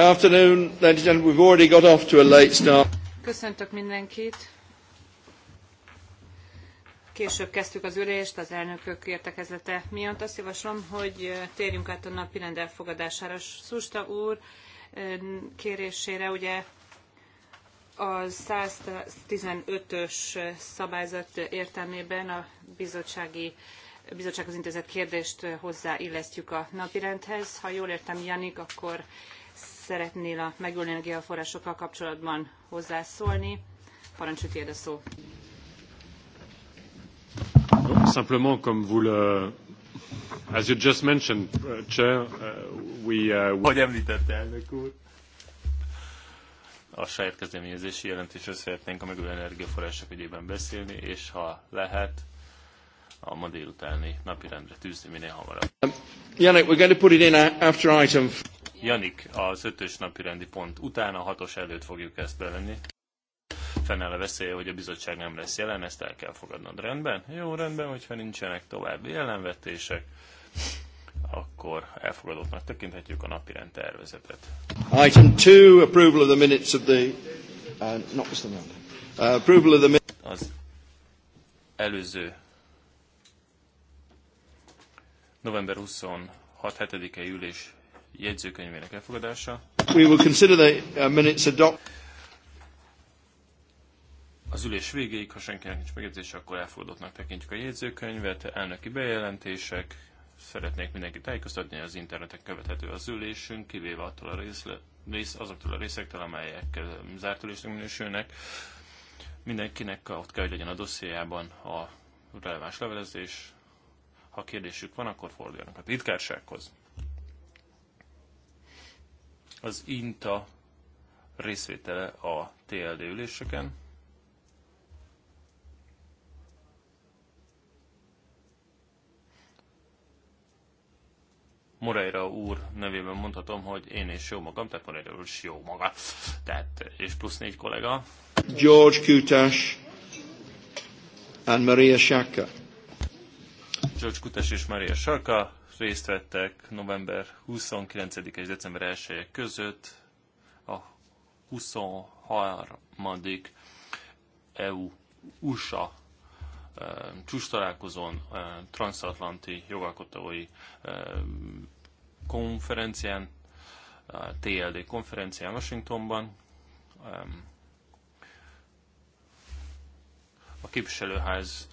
afternoon, ladies and gentlemen. We've already got off to a late start. Köszöntök mindenkit. Később kezdtük az ülést az elnökök értekezete miatt. Azt javaslom, hogy térjünk át a napi rend elfogadására. Szusta úr kérésére ugye a 115-ös szabályzat értelmében a bizottsági bizottsághoz intézett kérdést hozzáillesztjük a napirendhez. Ha jól értem, Janik, akkor szeretnél a megújuló energiaforrásokkal kapcsolatban hozzászólni. Parancsolj tiéd a szó. Simplement, comme vous le, as you just mentioned, uh, Chair, uh, we, uh, we... Hogy említette elnök úr? A saját kezdeményezési jelentésről szeretnénk a megújuló energiaforrások ügyében beszélni, és ha lehet, a ma délutáni napirendre tűzni minél hamarabb. Um, Janek, we're going to put it in after item. Janik az ötös napi rendi pont után, a hatos előtt fogjuk ezt belenni. Fennáll a veszélye, hogy a bizottság nem lesz jelen, ezt el kell fogadnod. Rendben? Jó, rendben, hogyha nincsenek további jelenvetések, akkor elfogadottnak tekinthetjük a napi rend tervezetet. Item 2, approval of the minutes of the... Uh, not the uh, approval of the minutes... Az előző november 26 7 ülés jegyzőkönyvének elfogadása. We will consider the uh, minutes adopt. Az ülés végéig, ha senkinek nincs megjegyzése, akkor elfogadottnak tekintjük a jegyzőkönyvet, elnöki bejelentések, szeretnék mindenkit tájékoztatni, az interneten követhető az ülésünk, kivéve attól a részle, rész, azoktól a részektől, amelyek zárt ülésnek minősülnek. Mindenkinek ott kell, hogy legyen a dossziában a releváns levelezés. Ha kérdésük van, akkor forduljanak a titkársághoz az INTA részvétele a TLD üléseken. Moreira úr nevében mondhatom, hogy én és jó magam, tehát Moreira úr is jó maga, tehát és plusz négy kollega. George Kutas and Maria Sharka. George Kutas és Maria Sharka, részt vettek november 29 és december 1 -e között a 23. EU-USA e, csúcs találkozón, e, transatlanti jogalkotói e, konferencián, TLD konferencián Washingtonban. A képviselőház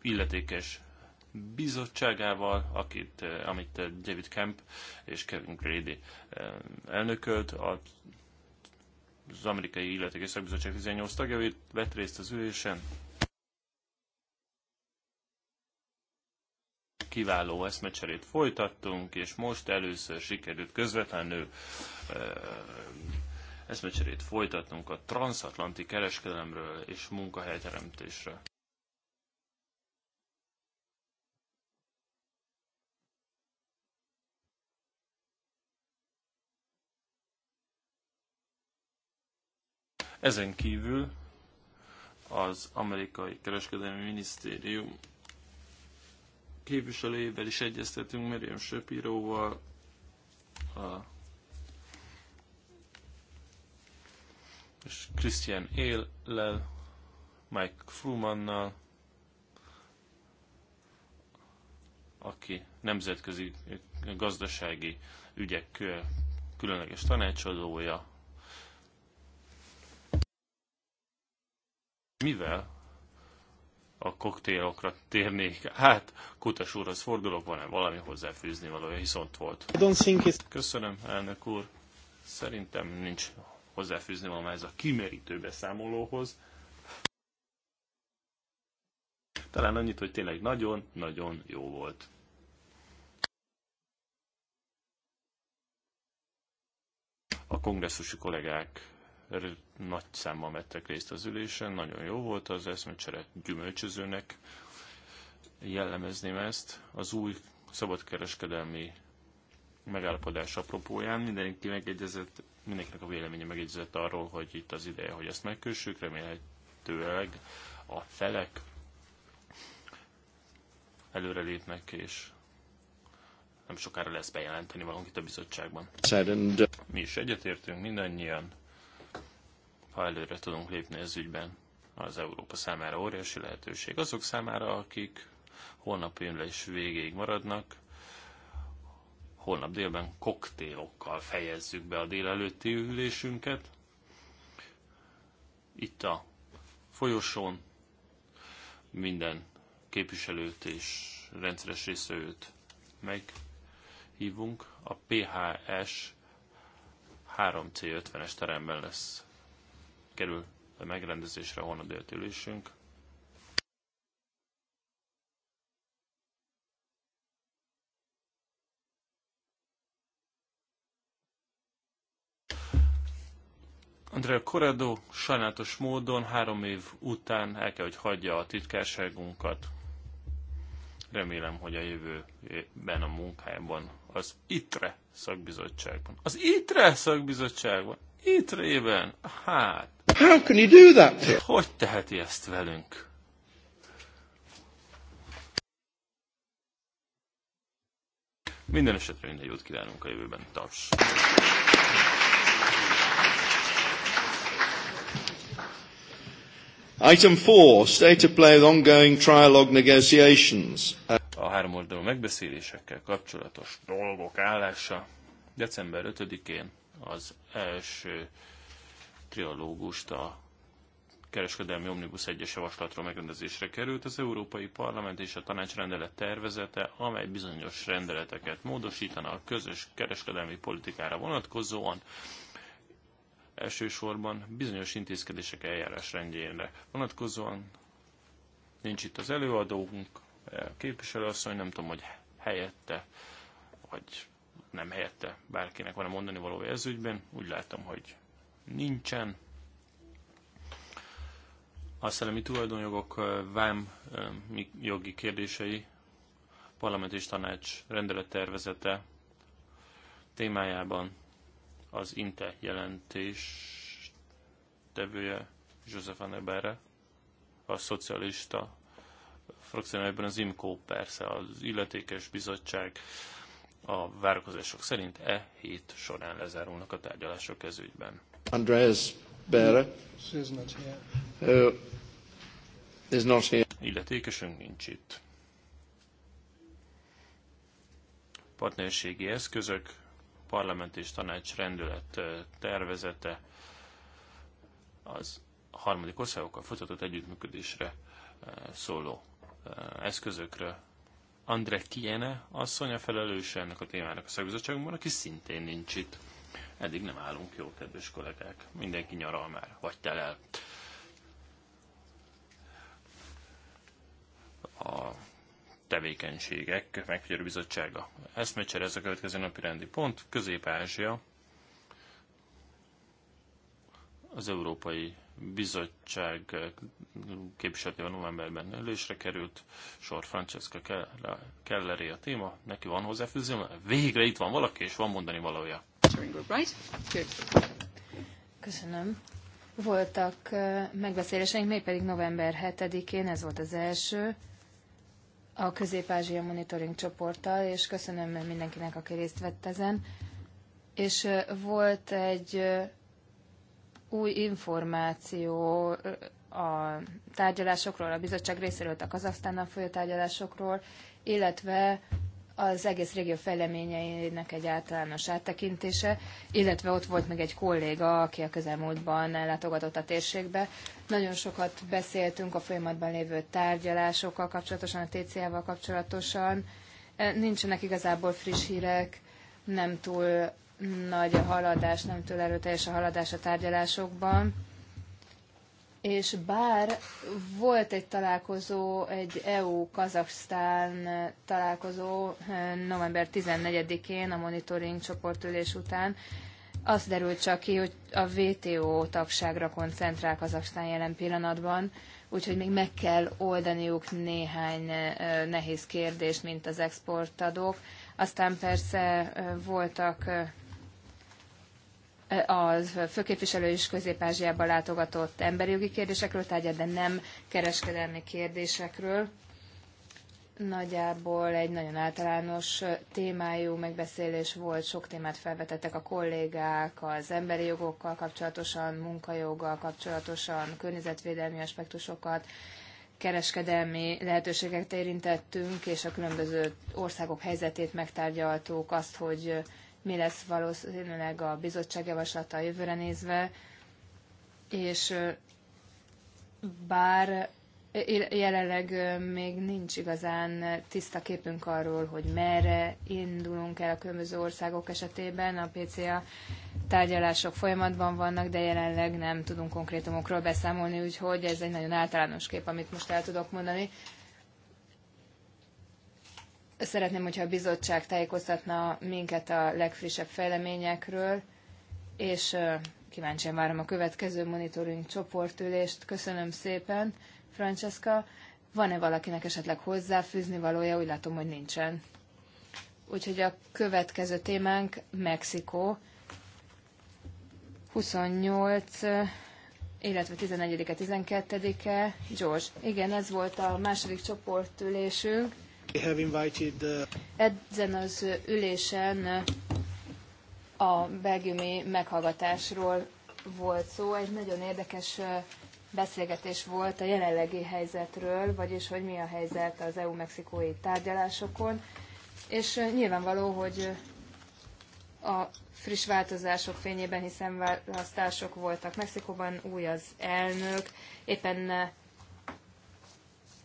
illetékes bizottságával, akit, eh, amit eh, David Kemp és Kevin Grady eh, elnökölt. Az amerikai illetékes szakbizottság 18 tagja vett részt az ülésen. Kiváló eszmecserét folytattunk, és most először sikerült közvetlenül eszmecserét folytatnunk a transatlanti kereskedelemről és munkahelyteremtésről. Ezen kívül az amerikai kereskedelmi minisztérium képviselőjével is egyeztetünk, Miriam Söpíróval, és Christian Éllel, Mike Frumannal, aki nemzetközi gazdasági ügyek különleges tanácsadója, Mivel a koktélokra térnék át, Kutas úrhoz fordulok, van-e valami hozzáfűzni valója, viszont volt. Köszönöm, elnök úr. Szerintem nincs hozzáfűzni valami ez a kimerítő beszámolóhoz. Talán annyit, hogy tényleg nagyon-nagyon jó volt. A kongresszusi kollégák nagy számban vettek részt az ülésen, nagyon jó volt az eszmecsere gyümölcsözőnek, jellemezném ezt. Az új szabadkereskedelmi megállapodás apropóján mindenki megegyezett, mindenkinek a véleménye megegyezett arról, hogy itt az ideje, hogy ezt megkössük, remélhetőleg a felek előrelépnek, és nem sokára lesz bejelenteni valamit a bizottságban. Uh, Mi is egyetértünk mindannyian, ha előre tudunk lépni az ügyben. Az Európa számára óriási lehetőség. Azok számára, akik holnap ülés végéig maradnak, holnap délben koktélokkal fejezzük be a délelőtti ülésünket. Itt a folyosón minden képviselőt és rendszeres részvevőt meghívunk. A PHS 3C50-es teremben lesz kerül a megrendezésre a holnap ülésünk. Andrea Corrado sajnálatos módon három év után el kell, hogy hagyja a titkárságunkat. Remélem, hogy a jövőben a munkájában az ITRE szakbizottságban. Az ITRE szakbizottságban? ITRE-ben? Hát, How can you do that? Hogy teheti ezt velünk? Minden esetre minden jót kívánunk a jövőben. Tarts! Item 4. State of play with ongoing trialogue negotiations. A három oldalú megbeszélésekkel kapcsolatos dolgok állása december 5-én az első trialógust a kereskedelmi omnibus egyes javaslatról megrendezésre került az Európai Parlament és a Tanács rendelet tervezete, amely bizonyos rendeleteket módosítana a közös kereskedelmi politikára vonatkozóan, elsősorban bizonyos intézkedések eljárás rendjére vonatkozóan. Nincs itt az előadónk, képviselőasszony, nem tudom, hogy helyette, vagy nem helyette bárkinek van a mondani való ezügyben. Úgy látom, hogy nincsen. A szellemi tulajdonjogok vám jogi kérdései, parlament és tanács rendelettervezete témájában az INTE jelentés tevője József Anebere, a szocialista frakció az IMCO persze, az illetékes bizottság a várakozások szerint e hét során lezárulnak a tárgyalások ezügyben. Andreas Bere. Uh, is not here. is Illetékesünk nincs itt. Partnerségi eszközök, parlament és tanács rendület uh, tervezete az harmadik országokkal folytatott együttműködésre uh, szóló eszközökre. André Kiene asszony a felelőse ennek a témának a szakbizottságunkban, aki szintén nincs itt. Eddig nem állunk jó, kedves kollégák. Mindenki nyaral már, vagy tel el. A tevékenységek megfigyelő bizottsága. Eszmecsere ez a következő napi rendi pont. Közép-Ázsia, az Európai Bizottság képviseletében novemberben ülésre került, sor Francesca Kelleré a téma, neki van hozzáfűzni, végre itt van valaki, és van mondani valója group, right? Good. Köszönöm. Voltak megbeszéléseink, pedig november 7-én, ez volt az első, a Közép-Ázsia Monitoring csoporttal, és köszönöm mindenkinek, aki részt vett ezen. És volt egy új információ a tárgyalásokról, a bizottság részéről a Kazaksztánnal folyó tárgyalásokról, illetve az egész régió fejleményeinek egy általános áttekintése, illetve ott volt meg egy kolléga, aki a közelmúltban látogatott a térségbe. Nagyon sokat beszéltünk a folyamatban lévő tárgyalásokkal kapcsolatosan, a TCA-val kapcsolatosan. E, nincsenek igazából friss hírek, nem túl nagy a haladás, nem túl erőteljes a haladás a tárgyalásokban és bár volt egy találkozó, egy EU-Kazaksztán találkozó eh, november 14-én a monitoring csoportülés után, az derült csak ki, hogy a WTO tagságra koncentrál Kazaksztán jelen pillanatban, úgyhogy még meg kell oldaniuk néhány eh, nehéz kérdést, mint az exportadók. Aztán persze eh, voltak a főképviselő is Közép-Ázsiába látogatott emberi jogi kérdésekről tárgyalt, de nem kereskedelmi kérdésekről. Nagyjából egy nagyon általános témájú megbeszélés volt, sok témát felvetettek a kollégák, az emberi jogokkal kapcsolatosan, munkajoggal kapcsolatosan, környezetvédelmi aspektusokat, kereskedelmi lehetőségeket érintettünk, és a különböző országok helyzetét megtárgyaltuk, azt, hogy mi lesz valószínűleg a bizottság javaslata a jövőre nézve, és bár jelenleg még nincs igazán tiszta képünk arról, hogy merre indulunk el a különböző országok esetében. A PCA tárgyalások folyamatban vannak, de jelenleg nem tudunk konkrétumokról beszámolni, úgyhogy ez egy nagyon általános kép, amit most el tudok mondani. Szeretném, hogyha a bizottság tájékoztatna minket a legfrissebb fejleményekről, és kíváncsian várom a következő monitoring csoportülést. Köszönöm szépen, Francesca. Van-e valakinek esetleg hozzáfűzni valója? Úgy látom, hogy nincsen. Úgyhogy a következő témánk Mexikó. 28, illetve 11-e, 12-e. George, igen, ez volt a második csoportülésünk. Uh, Ezen az ülésen uh, a belgiumi meghallgatásról volt szó. Egy nagyon érdekes uh, beszélgetés volt a jelenlegi helyzetről, vagyis hogy mi a helyzet az EU-mexikói tárgyalásokon. És nyilvánvaló, hogy a friss változások fényében, hiszen választások voltak Mexikóban, új az elnök, éppen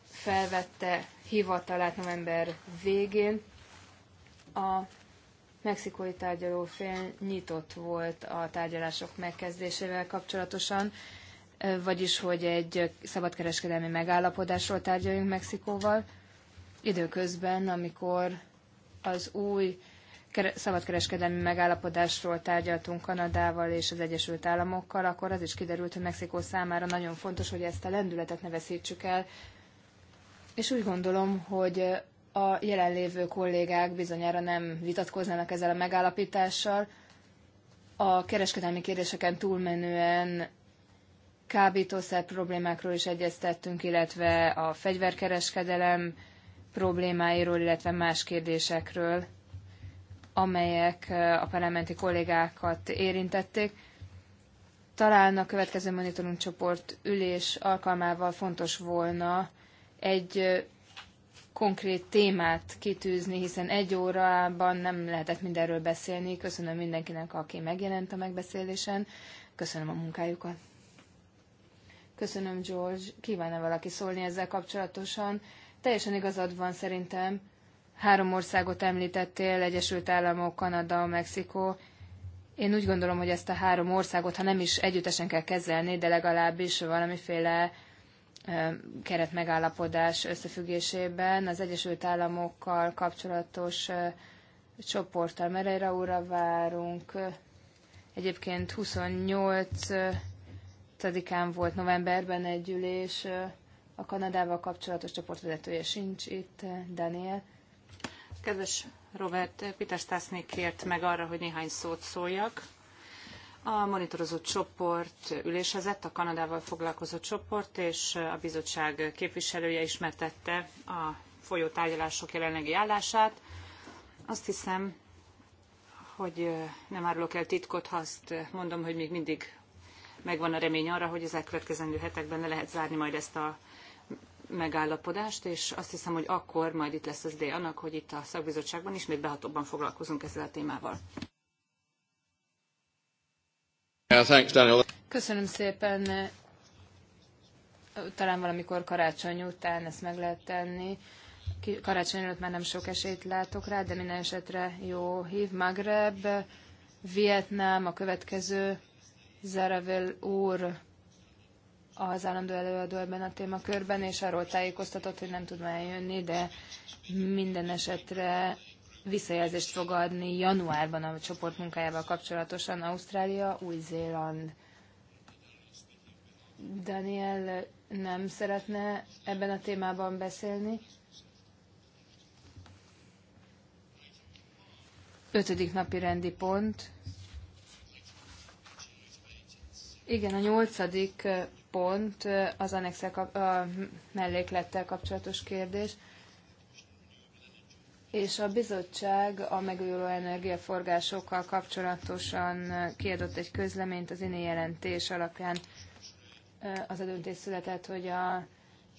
felvette hivatalát november végén. A mexikói tárgyalófél nyitott volt a tárgyalások megkezdésével kapcsolatosan, vagyis hogy egy szabadkereskedelmi megállapodásról tárgyaljunk Mexikóval. Időközben, amikor az új szabadkereskedelmi megállapodásról tárgyaltunk Kanadával és az Egyesült Államokkal, akkor az is kiderült, hogy Mexikó számára nagyon fontos, hogy ezt a lendületet ne veszítsük el, és úgy gondolom, hogy a jelenlévő kollégák bizonyára nem vitatkoznának ezzel a megállapítással. A kereskedelmi kérdéseken túlmenően kábítószer problémákról is egyeztettünk, illetve a fegyverkereskedelem problémáiról, illetve más kérdésekről, amelyek a parlamenti kollégákat érintették. Talán a következő monitoring csoport ülés alkalmával fontos volna egy konkrét témát kitűzni, hiszen egy órában nem lehetett mindenről beszélni. Köszönöm mindenkinek, aki megjelent a megbeszélésen. Köszönöm a munkájukat. Köszönöm, George. kíván -e valaki szólni ezzel kapcsolatosan? Teljesen igazad van szerintem. Három országot említettél, Egyesült Államok, Kanada, Mexikó. Én úgy gondolom, hogy ezt a három országot, ha nem is együttesen kell kezelni, de legalábbis valamiféle keretmegállapodás összefüggésében az Egyesült Államokkal kapcsolatos csoporttal Mereira úrra várunk. Egyébként 28-án volt novemberben egy ülés, a Kanadával kapcsolatos csoportvezetője sincs itt, Daniel. Kedves Robert, Peter Stasnik kért meg arra, hogy néhány szót szóljak. A monitorozó csoport ülésezett, a Kanadával foglalkozó csoport, és a bizottság képviselője ismertette a folyó tárgyalások jelenlegi állását. Azt hiszem, hogy nem árulok el titkot, ha azt mondom, hogy még mindig megvan a remény arra, hogy az elkövetkezendő hetekben le lehet zárni majd ezt a megállapodást, és azt hiszem, hogy akkor majd itt lesz az dél annak, hogy itt a szakbizottságban ismét behatóbban foglalkozunk ezzel a témával. Köszönöm szépen. Talán valamikor karácsony után ezt meg lehet tenni. Karácsony előtt már nem sok esélyt látok rá, de minden esetre jó hív. Magreb, Vietnám, a következő Zaravel úr az állandó előadó ebben a témakörben, és arról tájékoztatott, hogy nem tud már eljönni, de minden esetre visszajelzést fog adni januárban a csoport munkájával kapcsolatosan Ausztrália, Új-Zéland. Daniel nem szeretne ebben a témában beszélni. Ötödik napi rendi pont. Igen, a nyolcadik pont az annexel kap- a melléklettel kapcsolatos kérdés és a bizottság a megújuló energiaforgásokkal kapcsolatosan kiadott egy közleményt az INI jelentés alapján. Az a döntés született, hogy a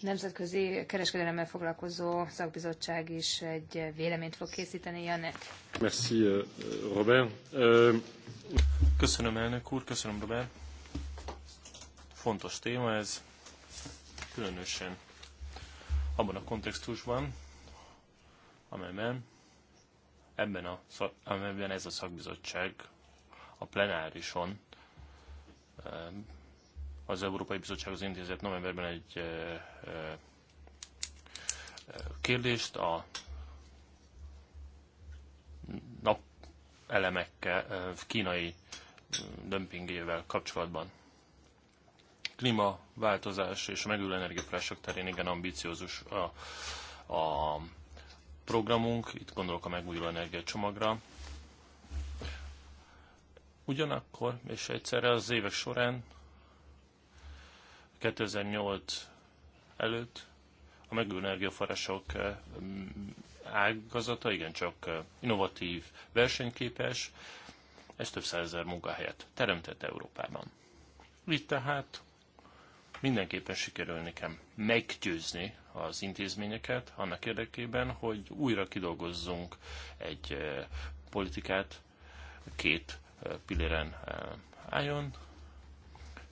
Nemzetközi Kereskedelemmel foglalkozó szakbizottság is egy véleményt fog készíteni, Janek. Merci, euh, Robert. Euh, köszönöm, elnök úr, köszönöm, Robert. Fontos téma ez, különösen abban a kontextusban, amelyben ebben, a, amelyben ez a szakbizottság a plenárison az Európai az intézet novemberben egy eh, eh, eh, kérdést a nap elemekkel, kínai mm, dömpingével kapcsolatban. Klímaváltozás és a megülő energiaforrások terén igen ambiciózus a, a programunk, itt gondolok a megújuló energiacsomagra. Ugyanakkor és egyszerre az évek során 2008 előtt a megújuló energiaforrások eh, mm, ágazata igencsak eh, innovatív, versenyképes, ez több százezer munkahelyet teremtett Európában. Itt tehát mindenképpen sikerül nekem meggyőzni az intézményeket annak érdekében, hogy újra kidolgozzunk egy eh, politikát két eh, pilléren eh, álljon.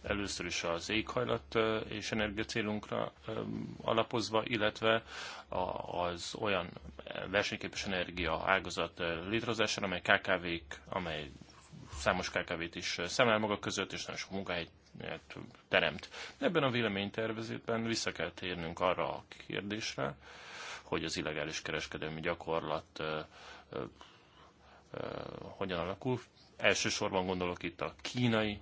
Először is az éghajlat és energiacélunkra alapozva, illetve az olyan versenyképes energia ágazat létrehozására, amely KKV-k, amely számos KKV-t is szemel maga között, és nagyon sok munkahelyt teremt. Ebben a véleménytervezőben vissza kell térnünk arra a kérdésre, hogy az illegális kereskedelmi gyakorlat hogyan alakul. Elsősorban gondolok itt a kínai,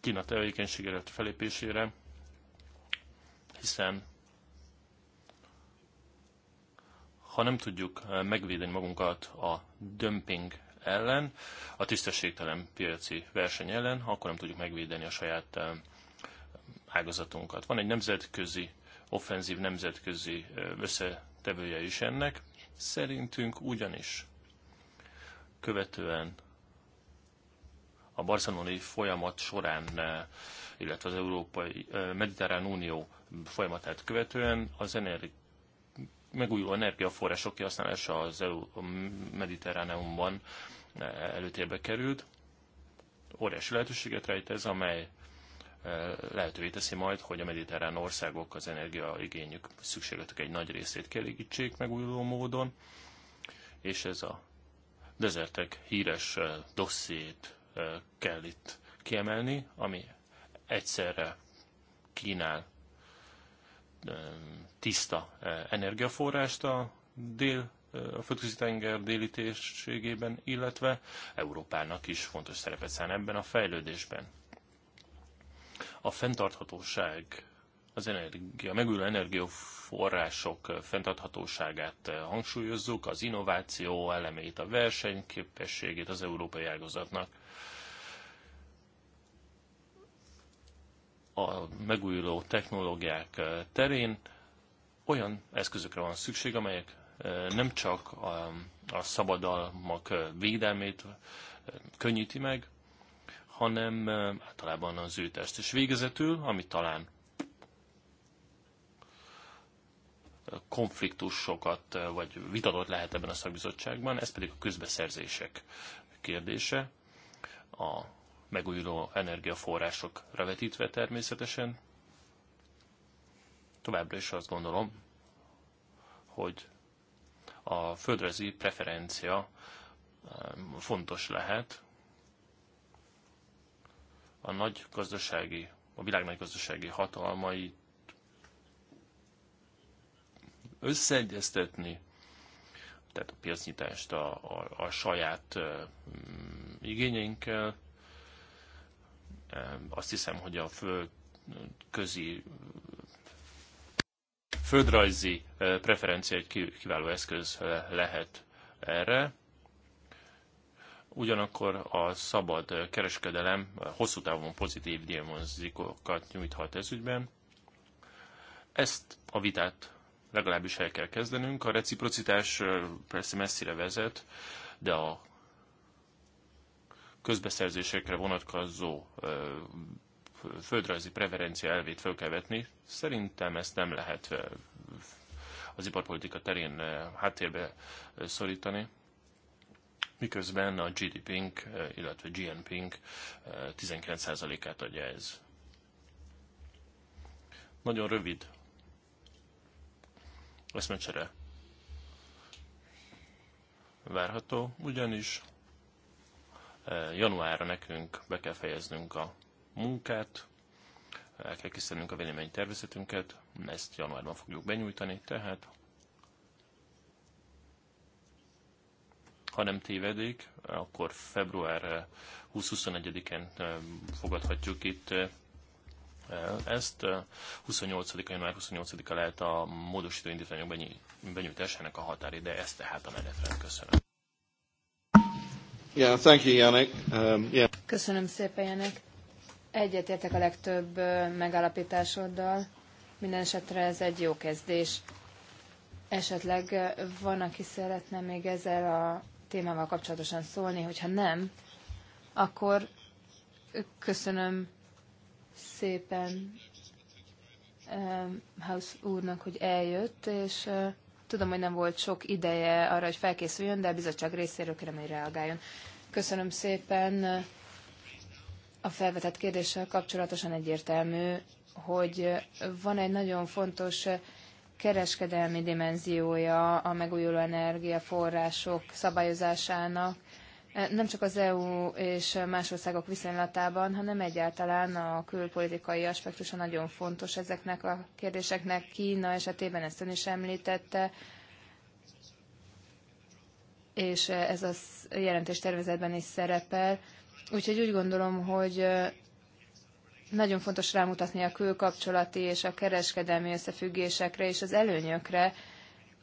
Kína tevékenységére, felépésére, hiszen ha nem tudjuk megvédeni magunkat a dömping ellen, a tisztességtelen piaci verseny ellen, akkor nem tudjuk megvédeni a saját eh, ágazatunkat. Van egy nemzetközi, offenzív nemzetközi eh, összetevője is ennek. Szerintünk ugyanis követően a barcelonai folyamat során, eh, illetve az Európai Mediterrán Unió folyamatát követően az energi megújuló energiaforrások kihasználása az EU mediterráneumban eh, előtérbe került. Óriási lehetőséget rejt ez, amely eh, lehetővé teszi majd, hogy a mediterrán országok az energiaigényük, szükségletek egy nagy részét kielégítsék megújuló módon, és ez a dezertek híres eh, dossziét kell itt kiemelni, ami egyszerre kínál tiszta energiaforrást a dél a földközi tenger déli térségében, illetve Európának is fontos szerepet szán ebben a fejlődésben. A fenntarthatóság, az energia, megújuló energiaforrások fenntarthatóságát hangsúlyozzuk, az innováció elemét, a versenyképességét az európai ágazatnak a megújuló technológiák eh, terén olyan eszközökre van szükség, amelyek eh, nem csak a, a szabadalmak eh, védelmét könnyíti meg, hanem általában az ő test. És végezetül, ami talán konfliktusokat, vagy vitatott lehet ebben a szakbizottságban, ez pedig a közbeszerzések kérdése. A megújuló energiaforrásokra vetítve természetesen. Továbbra is azt gondolom, hogy a földrajzi preferencia um, fontos lehet. A nagy gazdasági, a világ nagy gazdasági hatalmait összeegyeztetni, tehát a piacnyitást a, a, a saját uh, igényeinkkel, azt hiszem, hogy a földközi földrajzi preferencia egy kiváló eszköz lehet erre. Ugyanakkor a szabad kereskedelem hosszú távon pozitív diamonzikokat nyújthat ügyben. Ezt a vitát legalábbis el kell kezdenünk. A reciprocitás persze messzire vezet, de a közbeszerzésekre vonatkozó földrajzi preferencia elvét fel kell vetni. Szerintem ezt nem lehet az iparpolitika terén háttérbe szorítani, miközben a GDP-nk, illetve GNP-nk 19%-át adja ez. Nagyon rövid eszmecsere várható, ugyanis Eh, januárra nekünk be kell fejeznünk a munkát, el kell készítenünk a véleménytervezetünket, ezt januárban fogjuk benyújtani, tehát ha nem tévedik, akkor február 20-21-en eh, eh, fogadhatjuk itt ezt. 28-a, január 28-a lehet a módosító indítványok benyújtásának a de ez tehát a menetrend. Köszönöm. Um, köszönöm szépen, Janek. Egyetértek a legtöbb megállapításoddal. Minden esetre ez egy jó kezdés. Esetleg van, aki szeretne még ezzel a témával kapcsolatosan szólni, hogyha nem, akkor köszönöm szépen House úrnak, hogy eljött, és Tudom, hogy nem volt sok ideje arra, hogy felkészüljön, de a bizottság részéről kérem, hogy reagáljon. Köszönöm szépen. A felvetett kérdéssel kapcsolatosan egyértelmű, hogy van egy nagyon fontos kereskedelmi dimenziója a megújuló energiaforrások szabályozásának, E, nem csak az EU és más országok viszonylatában, hanem egyáltalán a külpolitikai aspektusa nagyon fontos ezeknek a kérdéseknek. Kína esetében ezt ön is említette, és ez a jelentés tervezetben is szerepel. Úgyhogy úgy gondolom, hogy e, nagyon fontos rámutatni a külkapcsolati és a kereskedelmi összefüggésekre és az előnyökre,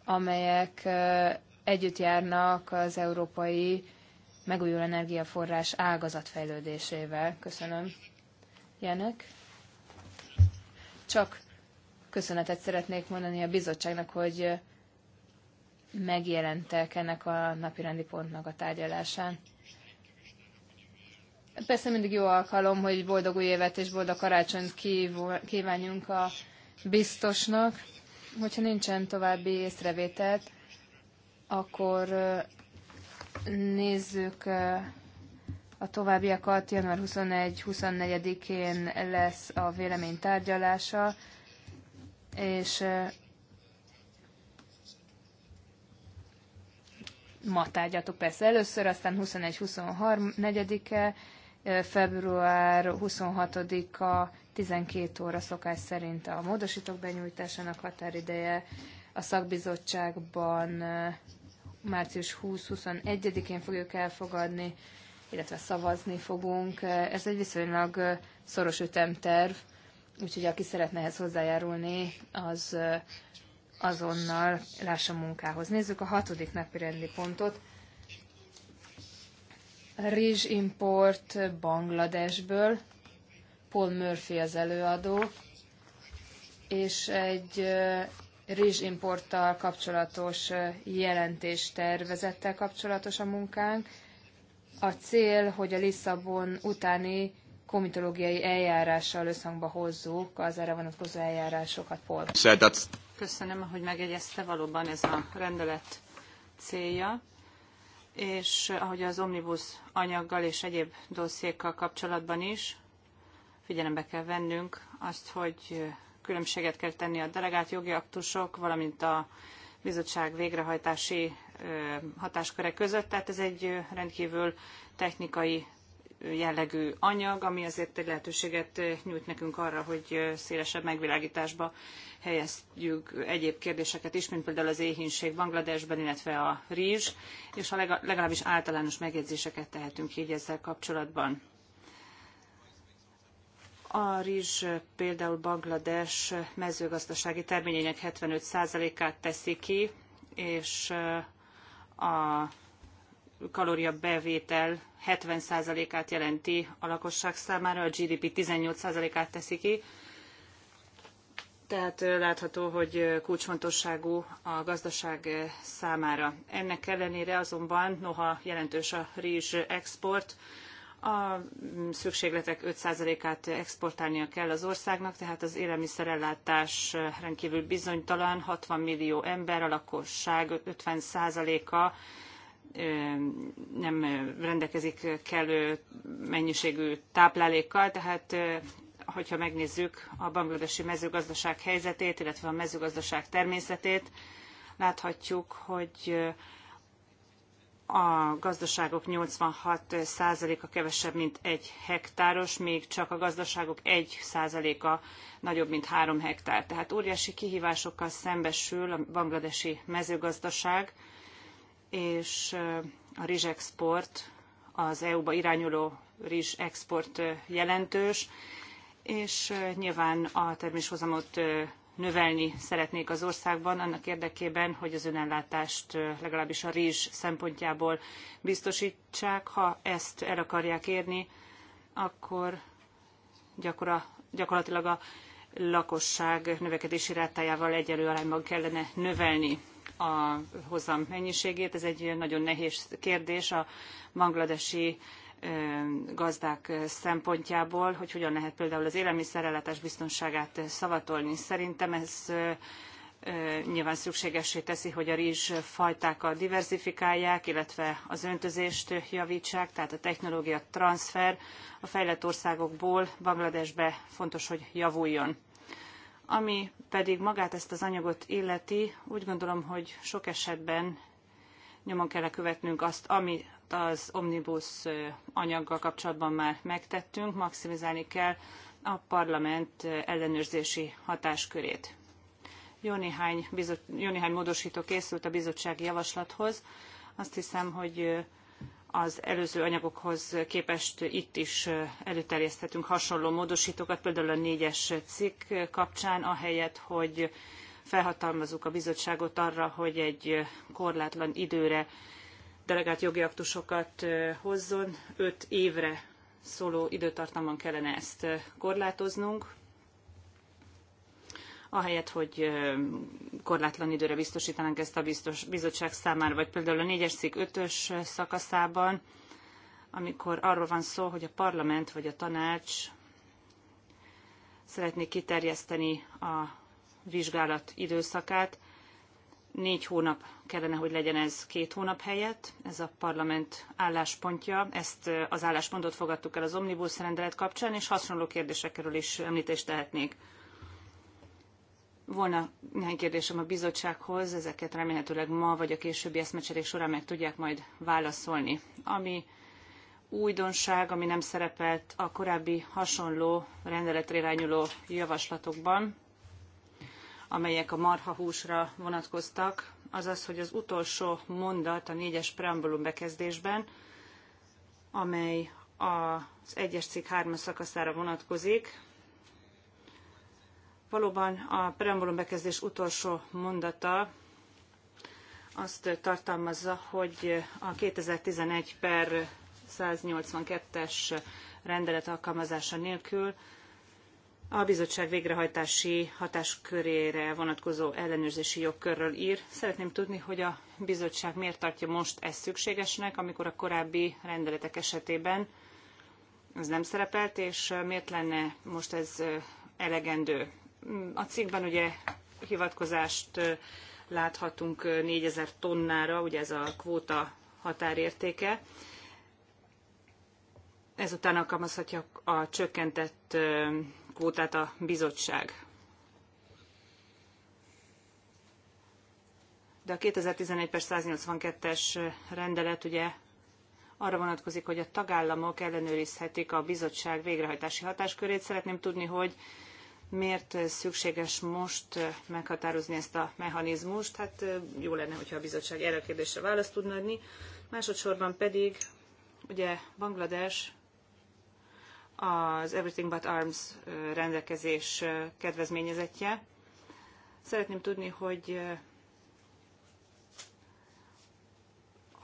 amelyek e, együtt járnak az európai megújuló energiaforrás ágazat fejlődésével. Köszönöm. Jenek? Csak köszönetet szeretnék mondani a bizottságnak, hogy megjelentek ennek a napirendi pontnak a tárgyalásán. Persze mindig jó alkalom, hogy boldog új évet és boldog karácsonyt kívánjunk a biztosnak. Hogyha nincsen további észrevételt, akkor nézzük a továbbiakat, január 21-24-én lesz a vélemény tárgyalása, és ma tárgyaltuk persze először, aztán 21-24-e, február 26-a 12 óra szokás szerint a módosítók benyújtásának határideje, a szakbizottságban március 20-21-én fogjuk elfogadni, illetve szavazni fogunk. Ez egy viszonylag szoros ütemterv, úgyhogy aki szeretne ehhez hozzájárulni, az azonnal lássa munkához. Nézzük a hatodik napi rendi pontot. import Bangladesből. Paul Murphy az előadó, és egy rizsimporttal kapcsolatos jelentéstervezettel kapcsolatos a munkánk. A cél, hogy a Lisszabon utáni komitológiai eljárással összhangba hozzuk az erre vonatkozó eljárásokat, Paul. Köszönöm, hogy megegyezte valóban ez a rendelet célja, és ahogy az omnibus anyaggal és egyéb dossziékkal kapcsolatban is, figyelembe kell vennünk azt, hogy különbséget kell tenni a delegált jogi aktusok, valamint a bizottság végrehajtási hatásköre között. Tehát ez egy rendkívül technikai jellegű anyag, ami azért egy lehetőséget nyújt nekünk arra, hogy szélesebb megvilágításba helyezjük egyéb kérdéseket is, mint például az éhínség Bangladesben, illetve a rizs, és a legalábbis általános megjegyzéseket tehetünk így ezzel kapcsolatban. A rizs például Banglades mezőgazdasági terményének 75%-át teszi ki, és eh, a kalória bevétel 70%-át jelenti a lakosság számára, a GDP 18%-át teszi ki. Tehát eh, látható, hogy eh, kulcsfontosságú a gazdaság számára. Ennek ellenére azonban, noha jelentős a rizs export, a szükségletek 5%-át exportálnia kell az országnak, tehát az élelmiszerellátás rendkívül bizonytalan, 60 millió ember, a lakosság 50%-a nem rendelkezik kellő mennyiségű táplálékkal, tehát hogyha megnézzük a bangladesi mezőgazdaság helyzetét, illetve a mezőgazdaság természetét, láthatjuk, hogy a gazdaságok 86%-a kevesebb, mint egy hektáros, még csak a gazdaságok 1%-a nagyobb, mint három hektár. Tehát óriási kihívásokkal szembesül a bangladesi mezőgazdaság, és a rizsexport, az EU-ba irányuló rizsexport jelentős, és nyilván a terméshozamot növelni szeretnék az országban, annak érdekében, hogy az önellátást legalábbis a rizs szempontjából biztosítsák. Ha ezt el akarják érni, akkor gyakora, gyakorlatilag a lakosság növekedési rátájával egyenlő arányban kellene növelni a hozam mennyiségét. Ez egy nagyon nehéz kérdés. A bangladesi gazdák szempontjából, hogy hogyan lehet például az élelmiszerellátás biztonságát szavatolni. Szerintem ez nyilván szükségessé teszi, hogy a rizs fajtákat diversifikálják, illetve az öntözést javítsák, tehát a technológia transfer a fejlett országokból Bangladesbe fontos, hogy javuljon. Ami pedig magát ezt az anyagot illeti, úgy gondolom, hogy sok esetben nyomon kell követnünk azt, ami amit az omnibus anyaggal kapcsolatban már megtettünk, maximizálni kell a parlament ellenőrzési hatáskörét. Jó néhány, bizot, jó néhány módosító készült a bizottsági javaslathoz. Azt hiszem, hogy az előző anyagokhoz képest itt is előterjeszthetünk hasonló módosítókat, például a négyes cikk kapcsán, ahelyett, hogy felhatalmazzuk a bizottságot arra, hogy egy korlátlan időre delegált jogi aktusokat hozzon, öt évre szóló időtartamban kellene ezt korlátoznunk, ahelyett, hogy korlátlan időre biztosítanánk ezt a biztos, bizottság számára, vagy például a 4-es cikk 5-ös szakaszában, amikor arról van szó, hogy a parlament vagy a tanács szeretné kiterjeszteni a vizsgálat időszakát, négy hónap kellene, hogy legyen ez két hónap helyett. Ez a parlament álláspontja. Ezt az álláspontot fogadtuk el az Omnibus rendelet kapcsán, és hasonló kérdésekről is említést tehetnék. Volna néhány kérdésem a bizottsághoz, ezeket remélhetőleg ma vagy a későbbi eszmecserék során meg tudják majd válaszolni. Ami újdonság, ami nem szerepelt a korábbi hasonló rendeletre irányuló javaslatokban, amelyek a marhahúsra vonatkoztak, azaz, hogy az utolsó mondat a négyes preambulum bekezdésben, amely az egyes cikk hármas szakaszára vonatkozik, Valóban a preambulum bekezdés utolsó mondata azt tartalmazza, hogy a 2011 per 182-es rendelet alkalmazása nélkül a bizottság végrehajtási hatáskörére vonatkozó ellenőrzési jogkörről ír. Szeretném tudni, hogy a bizottság miért tartja most ezt szükségesnek, amikor a korábbi rendeletek esetében ez nem szerepelt, és miért lenne most ez elegendő. A cikkben ugye hivatkozást láthatunk 4000 tonnára, ugye ez a kvóta határértéke. Ezután alkalmazhatja a csökkentett kvótát a bizottság. De a 2011 per 182-es rendelet ugye arra vonatkozik, hogy a tagállamok ellenőrizhetik a bizottság végrehajtási hatáskörét. Szeretném tudni, hogy miért szükséges most meghatározni ezt a mechanizmust. Hát jó lenne, hogyha a bizottság erre a kérdésre választ tudna adni. Másodszorban pedig ugye Banglades az Everything But Arms rendelkezés kedvezményezetje. Szeretném tudni, hogy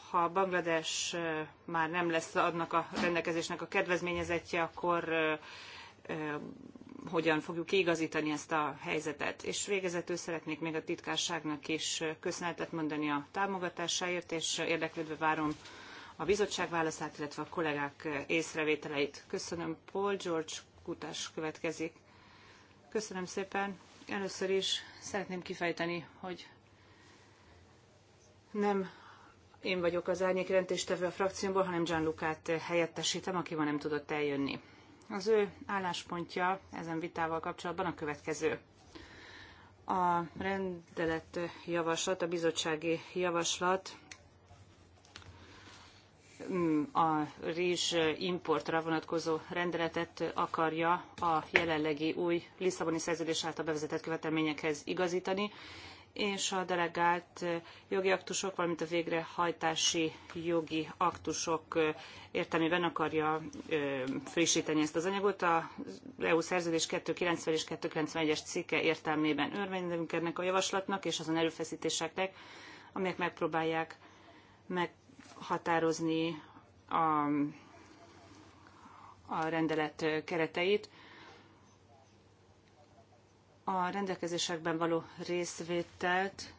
ha Banglades már nem lesz adnak a rendelkezésnek a kedvezményezetje, akkor hogyan fogjuk kiigazítani ezt a helyzetet. És végezetül szeretnék még a titkárságnak is köszönetet mondani a támogatásáért, és érdeklődve várom a bizottság válaszát, illetve a kollégák észrevételeit. Köszönöm, Paul George Kutás következik. Köszönöm szépen. Először is szeretném kifejteni, hogy nem én vagyok az árnyék jelentéstevő a frakciómból, hanem Gianlucát helyettesítem, aki ma nem tudott eljönni. Az ő álláspontja ezen vitával kapcsolatban a következő. A rendelet javaslat, a bizottsági javaslat Mm, a rizs importra vonatkozó rendeletet akarja a jelenlegi új Lisszaboni szerződés által bevezetett követelményekhez igazítani, és a delegált jogi aktusok, valamint a végrehajtási jogi aktusok értelmében akarja frissíteni ezt az anyagot. A EU szerződés 290 és 291-es cikke értelmében örvendünk ennek a javaslatnak és azon erőfeszítéseknek, amelyek megpróbálják meg határozni a, a rendelet kereteit. A rendelkezésekben való részvételt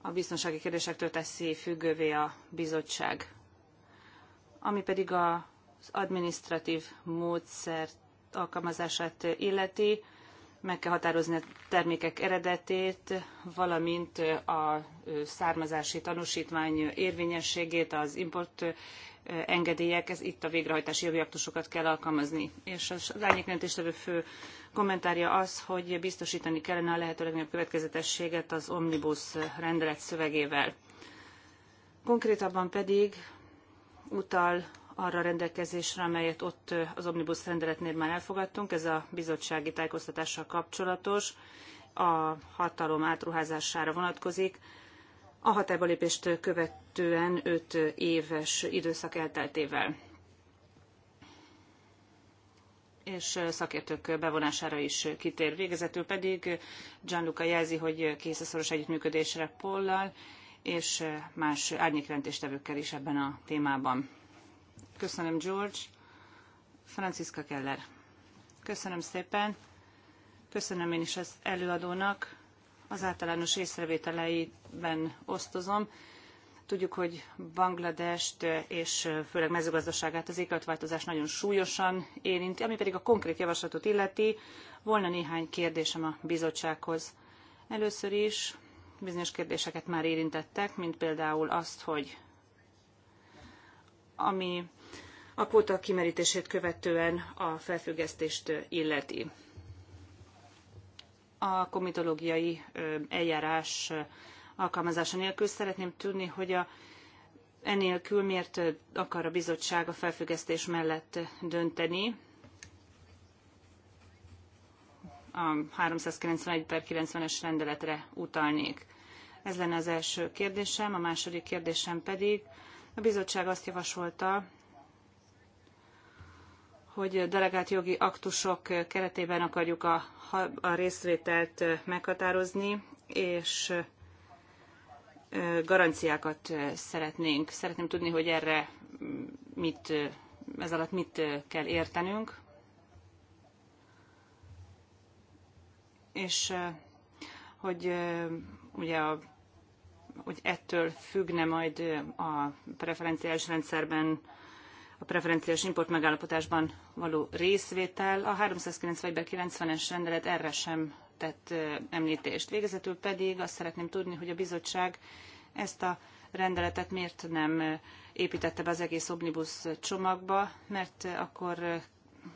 a biztonsági kérdésektől teszi függővé a bizottság. Ami pedig az administratív módszert alkalmazását illeti, meg kell határozni a termékek eredetét, valamint a származási tanúsítvány érvényességét, az import engedélyek, ez itt a végrehajtási jogi aktusokat kell alkalmazni. És az árnyékmentéstevő fő kommentárja az, hogy biztosítani kellene a lehető legnagyobb következetességet az omnibus rendelet szövegével. Konkrétabban pedig utal arra a rendelkezésre, amelyet ott az Omnibus rendeletnél már elfogadtunk, ez a bizottsági tájékoztatással kapcsolatos, a hatalom átruházására vonatkozik. A hatályba lépést követően 5 éves időszak elteltével és szakértők bevonására is kitér. Végezetül pedig Gianluca jelzi, hogy kész a szoros együttműködésre Pollal és más árnyékrendéstevőkkel is ebben a témában. Köszönöm, George. Franciska Keller. Köszönöm szépen. Köszönöm én is az előadónak. Az általános észrevételeiben osztozom. Tudjuk, hogy Bangladest eh, és eh, főleg mezőgazdaságát az éghajlatváltozás nagyon súlyosan érinti, ami pedig a konkrét javaslatot illeti. Volna néhány kérdésem a bizottsághoz. Először is bizonyos kérdéseket már érintettek, mint például azt, hogy ami a kvóta kimerítését követően a felfüggesztést illeti. A komitológiai eljárás alkalmazása nélkül szeretném tudni, hogy a enélkül miért akar a bizottság a felfüggesztés mellett dönteni, a 391 per 90-es rendeletre utalnék. Ez lenne az első kérdésem, a második kérdésem pedig a bizottság azt javasolta, hogy delegált jogi aktusok keretében akarjuk a, a részvételt meghatározni, és garanciákat szeretnénk. Szeretném tudni, hogy erre mit, ez alatt mit kell értenünk. És hogy ugye a, hogy ettől függne majd a preferenciális rendszerben a preferenciás import megállapotásban való részvétel. A 391-90-es rendelet erre sem tett említést. Végezetül pedig azt szeretném tudni, hogy a bizottság ezt a rendeletet miért nem építette be az egész omnibus csomagba, mert akkor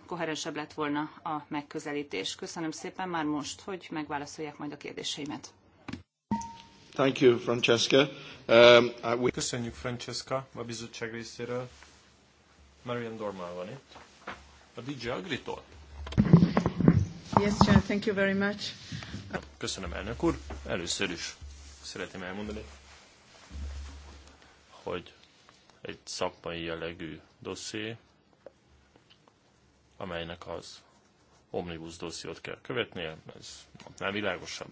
koherensebb lett volna a megközelítés. Köszönöm szépen már most, hogy megválaszolják majd a kérdéseimet. Thank you, Francesca. Um, we... Köszönjük, Francesca, a bizottság részéről. Marian Dormal van itt. A DJ Agritól. Yes, John, thank you very much. Köszönöm, elnök úr. Először is szeretném elmondani, hogy egy szakmai jellegű dosszié, amelynek az omnibus dossziót kell követnie, ez nem világosabb.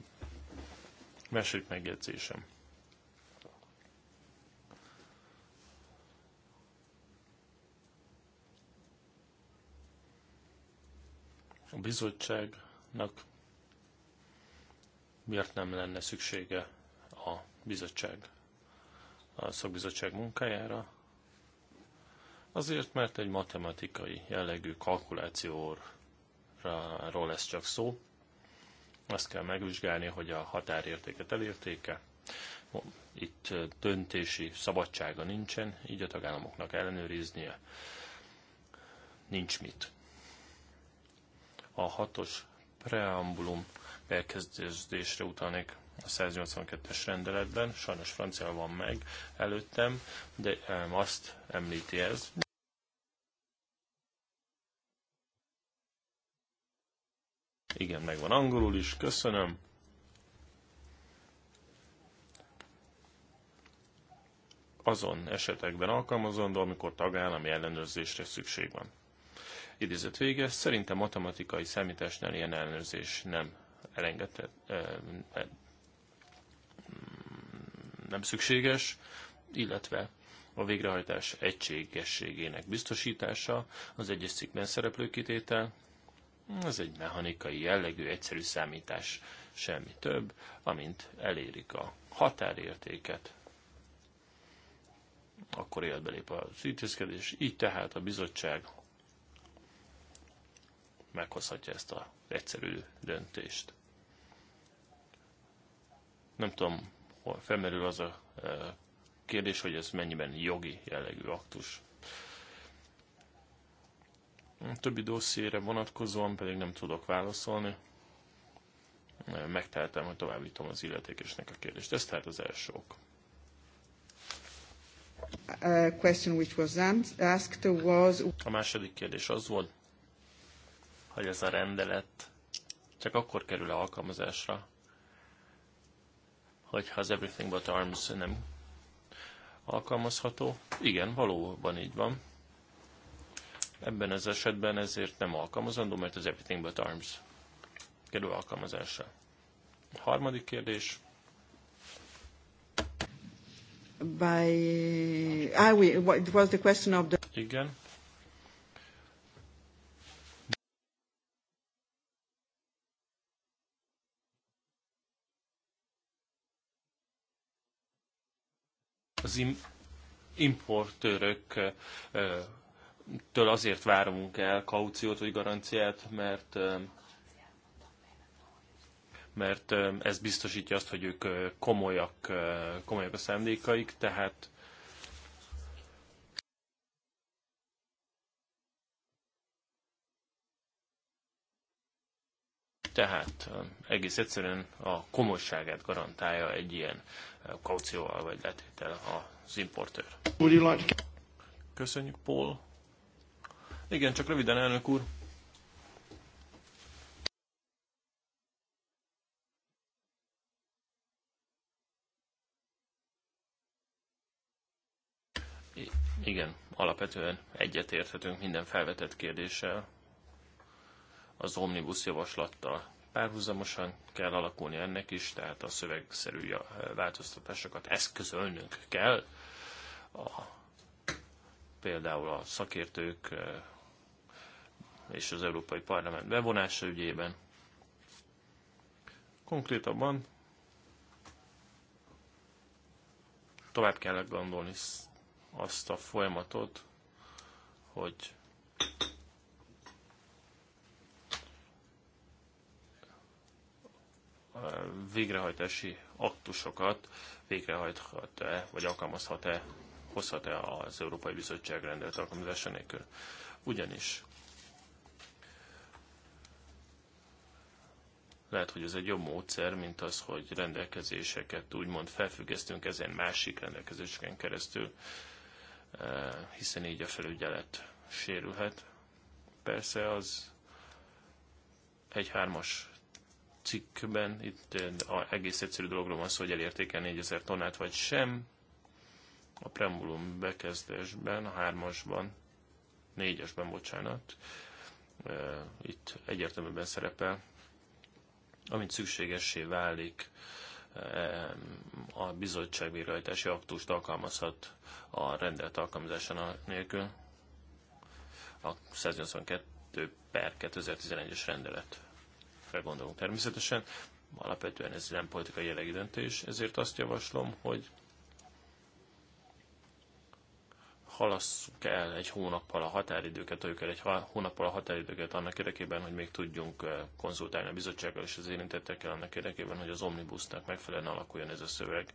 Második megjegyzésem. a bizottságnak miért nem lenne szüksége a bizottság, a szakbizottság munkájára? Azért, mert egy matematikai jellegű kalkulációról lesz csak szó. Azt kell megvizsgálni, hogy a határértéket elértéke. Itt döntési szabadsága nincsen, így a tagállamoknak ellenőriznie nincs mit a hatos preambulum elkezdésre utalnék a 182-es rendeletben, sajnos francia van meg előttem, de azt említi ez. Igen, megvan angolul is, köszönöm. Azon esetekben alkalmazandó, amikor tagállami ellenőrzésre szükség van. Idézet vége, szerintem matematikai számításnál ilyen ellenőrzés nem elengedett, nem szükséges, illetve a végrehajtás egységességének biztosítása, az egyes cikkben szereplő kitétel, ez egy mechanikai jellegű, egyszerű számítás, semmi több, amint elérik a határértéket, akkor életbe lép az ítézkedés, így tehát a bizottság meghozhatja ezt az egyszerű döntést. Nem tudom, hol felmerül az a e, kérdés, hogy ez mennyiben jogi jellegű aktus. A többi dossziére vonatkozóan pedig nem tudok válaszolni. E, Megteltem, hogy továbbítom az illetékesnek a kérdést. Ez tehát az első ok. A második kérdés az volt, hogy ez a rendelet csak akkor kerül alkalmazásra, hogyha az Everything But Arms nem alkalmazható. Igen, valóban így van. Ebben az esetben ezért nem alkalmazandó, mert az Everything But Arms kerül alkalmazásra. A harmadik kérdés. By... Ah, we, what was the question of the... Igen. az importőrök től azért várunk el kauciót vagy garanciát, mert mert ez biztosítja azt, hogy ők komolyak, komolyak a szándékaik, tehát Tehát egész egyszerűen a komolyságát garantálja egy ilyen kaucióval vagy letétel az importőr. Köszönjük, Paul. Igen, csak röviden, elnök úr. Igen, alapvetően egyetérthetünk minden felvetett kérdéssel, az omnibus javaslattal párhuzamosan kell alakulni ennek is, tehát a szövegszerű változtatásokat eszközölnünk kell. A, például a szakértők e, és az Európai Parlament bevonása ügyében. Konkrétabban tovább kell gondolni azt a folyamatot, hogy végrehajtási aktusokat végrehajthat-e, vagy alkalmazhat-e, hozhat-e az Európai Bizottság rendelt alkalmazása nélkül. Ugyanis lehet, hogy ez egy jobb módszer, mint az, hogy rendelkezéseket úgymond felfüggesztünk ezen másik rendelkezéseken keresztül, eh, hiszen így a felügyelet sérülhet. Persze az egy hármas cikkben. Itt eh, egész egyszerű dologról van szó, hogy elérték el 4000 tonnát vagy sem. A preambulum bekezdésben, a hármasban, négyesben, bocsánat, eh, itt egyértelműen szerepel, amint szükségessé válik, eh, a bizottság végrehajtási aktust alkalmazhat a rendelet alkalmazása nélkül a 182 per 2011-es rendelet gondolunk természetesen. Alapvetően ez nem politikai jellegű döntés, ezért azt javaslom, hogy halasszuk el egy hónappal a határidőket, toljuk el egy hónappal a határidőket annak érdekében, hogy még tudjunk eh, konzultálni a bizottsággal és az érintettekkel annak érdekében, hogy az omnibusznak megfelelően alakuljon ez a szöveg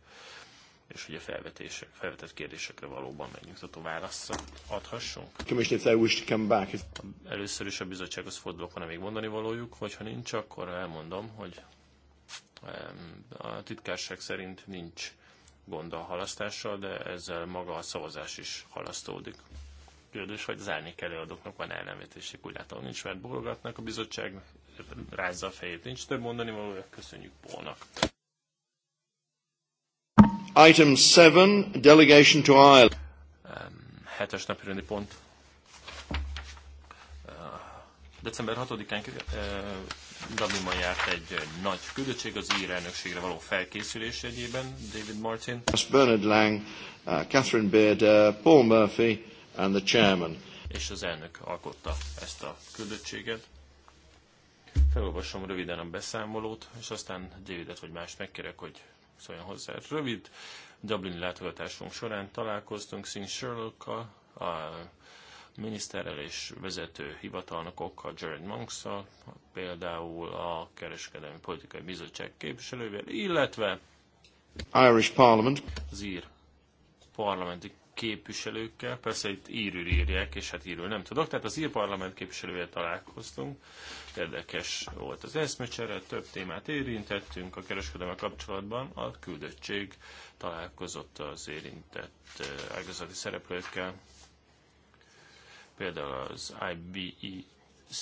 és hogy a felvetések, felvetett kérdésekre valóban megnyugtató válaszra adhassunk. Először is a bizottsághoz fordulok, van még mondani valójuk, vagy ha nincs, akkor elmondom, hogy a titkárság szerint nincs gond a halasztással, de ezzel maga a szavazás is halasztódik. Kérdés, hogy az árnyék előadóknak van ellenvetésük, úgy látom nincs, mert bólogatnak a bizottság, rázza a fejét, nincs több mondani valója, köszönjük Pólnak. Item 7, delegation to Ireland. Hetes napirendi pont. December 6-án eh, Dublinban járt egy eh, nagy küldöttség az ír elnökségre való felkészülés egyében, David Martin. Bernard Lang, uh, Catherine Beard, uh, Paul Murphy and the chairman. És az elnök alkotta ezt a küldöttséget. Felolvasom röviden a beszámolót, és aztán Davidet vagy más megkérek, hogy szóljon hozzá. Hát rövid Dublin látogatásunk során találkoztunk Sin sherlock a miniszterrel és vezető hivatalnokokkal, Jared monks például a Kereskedelmi Politikai Bizottság képviselővel, illetve Irish Parliament. az ír parlamenti képviselőkkel, persze itt írül írják, és hát írül nem tudok, tehát az ír parlament találkoztunk, érdekes volt az eszmecsere, több témát érintettünk a kereskedelme kapcsolatban, a küldöttség találkozott az érintett ágazati szereplőkkel, például az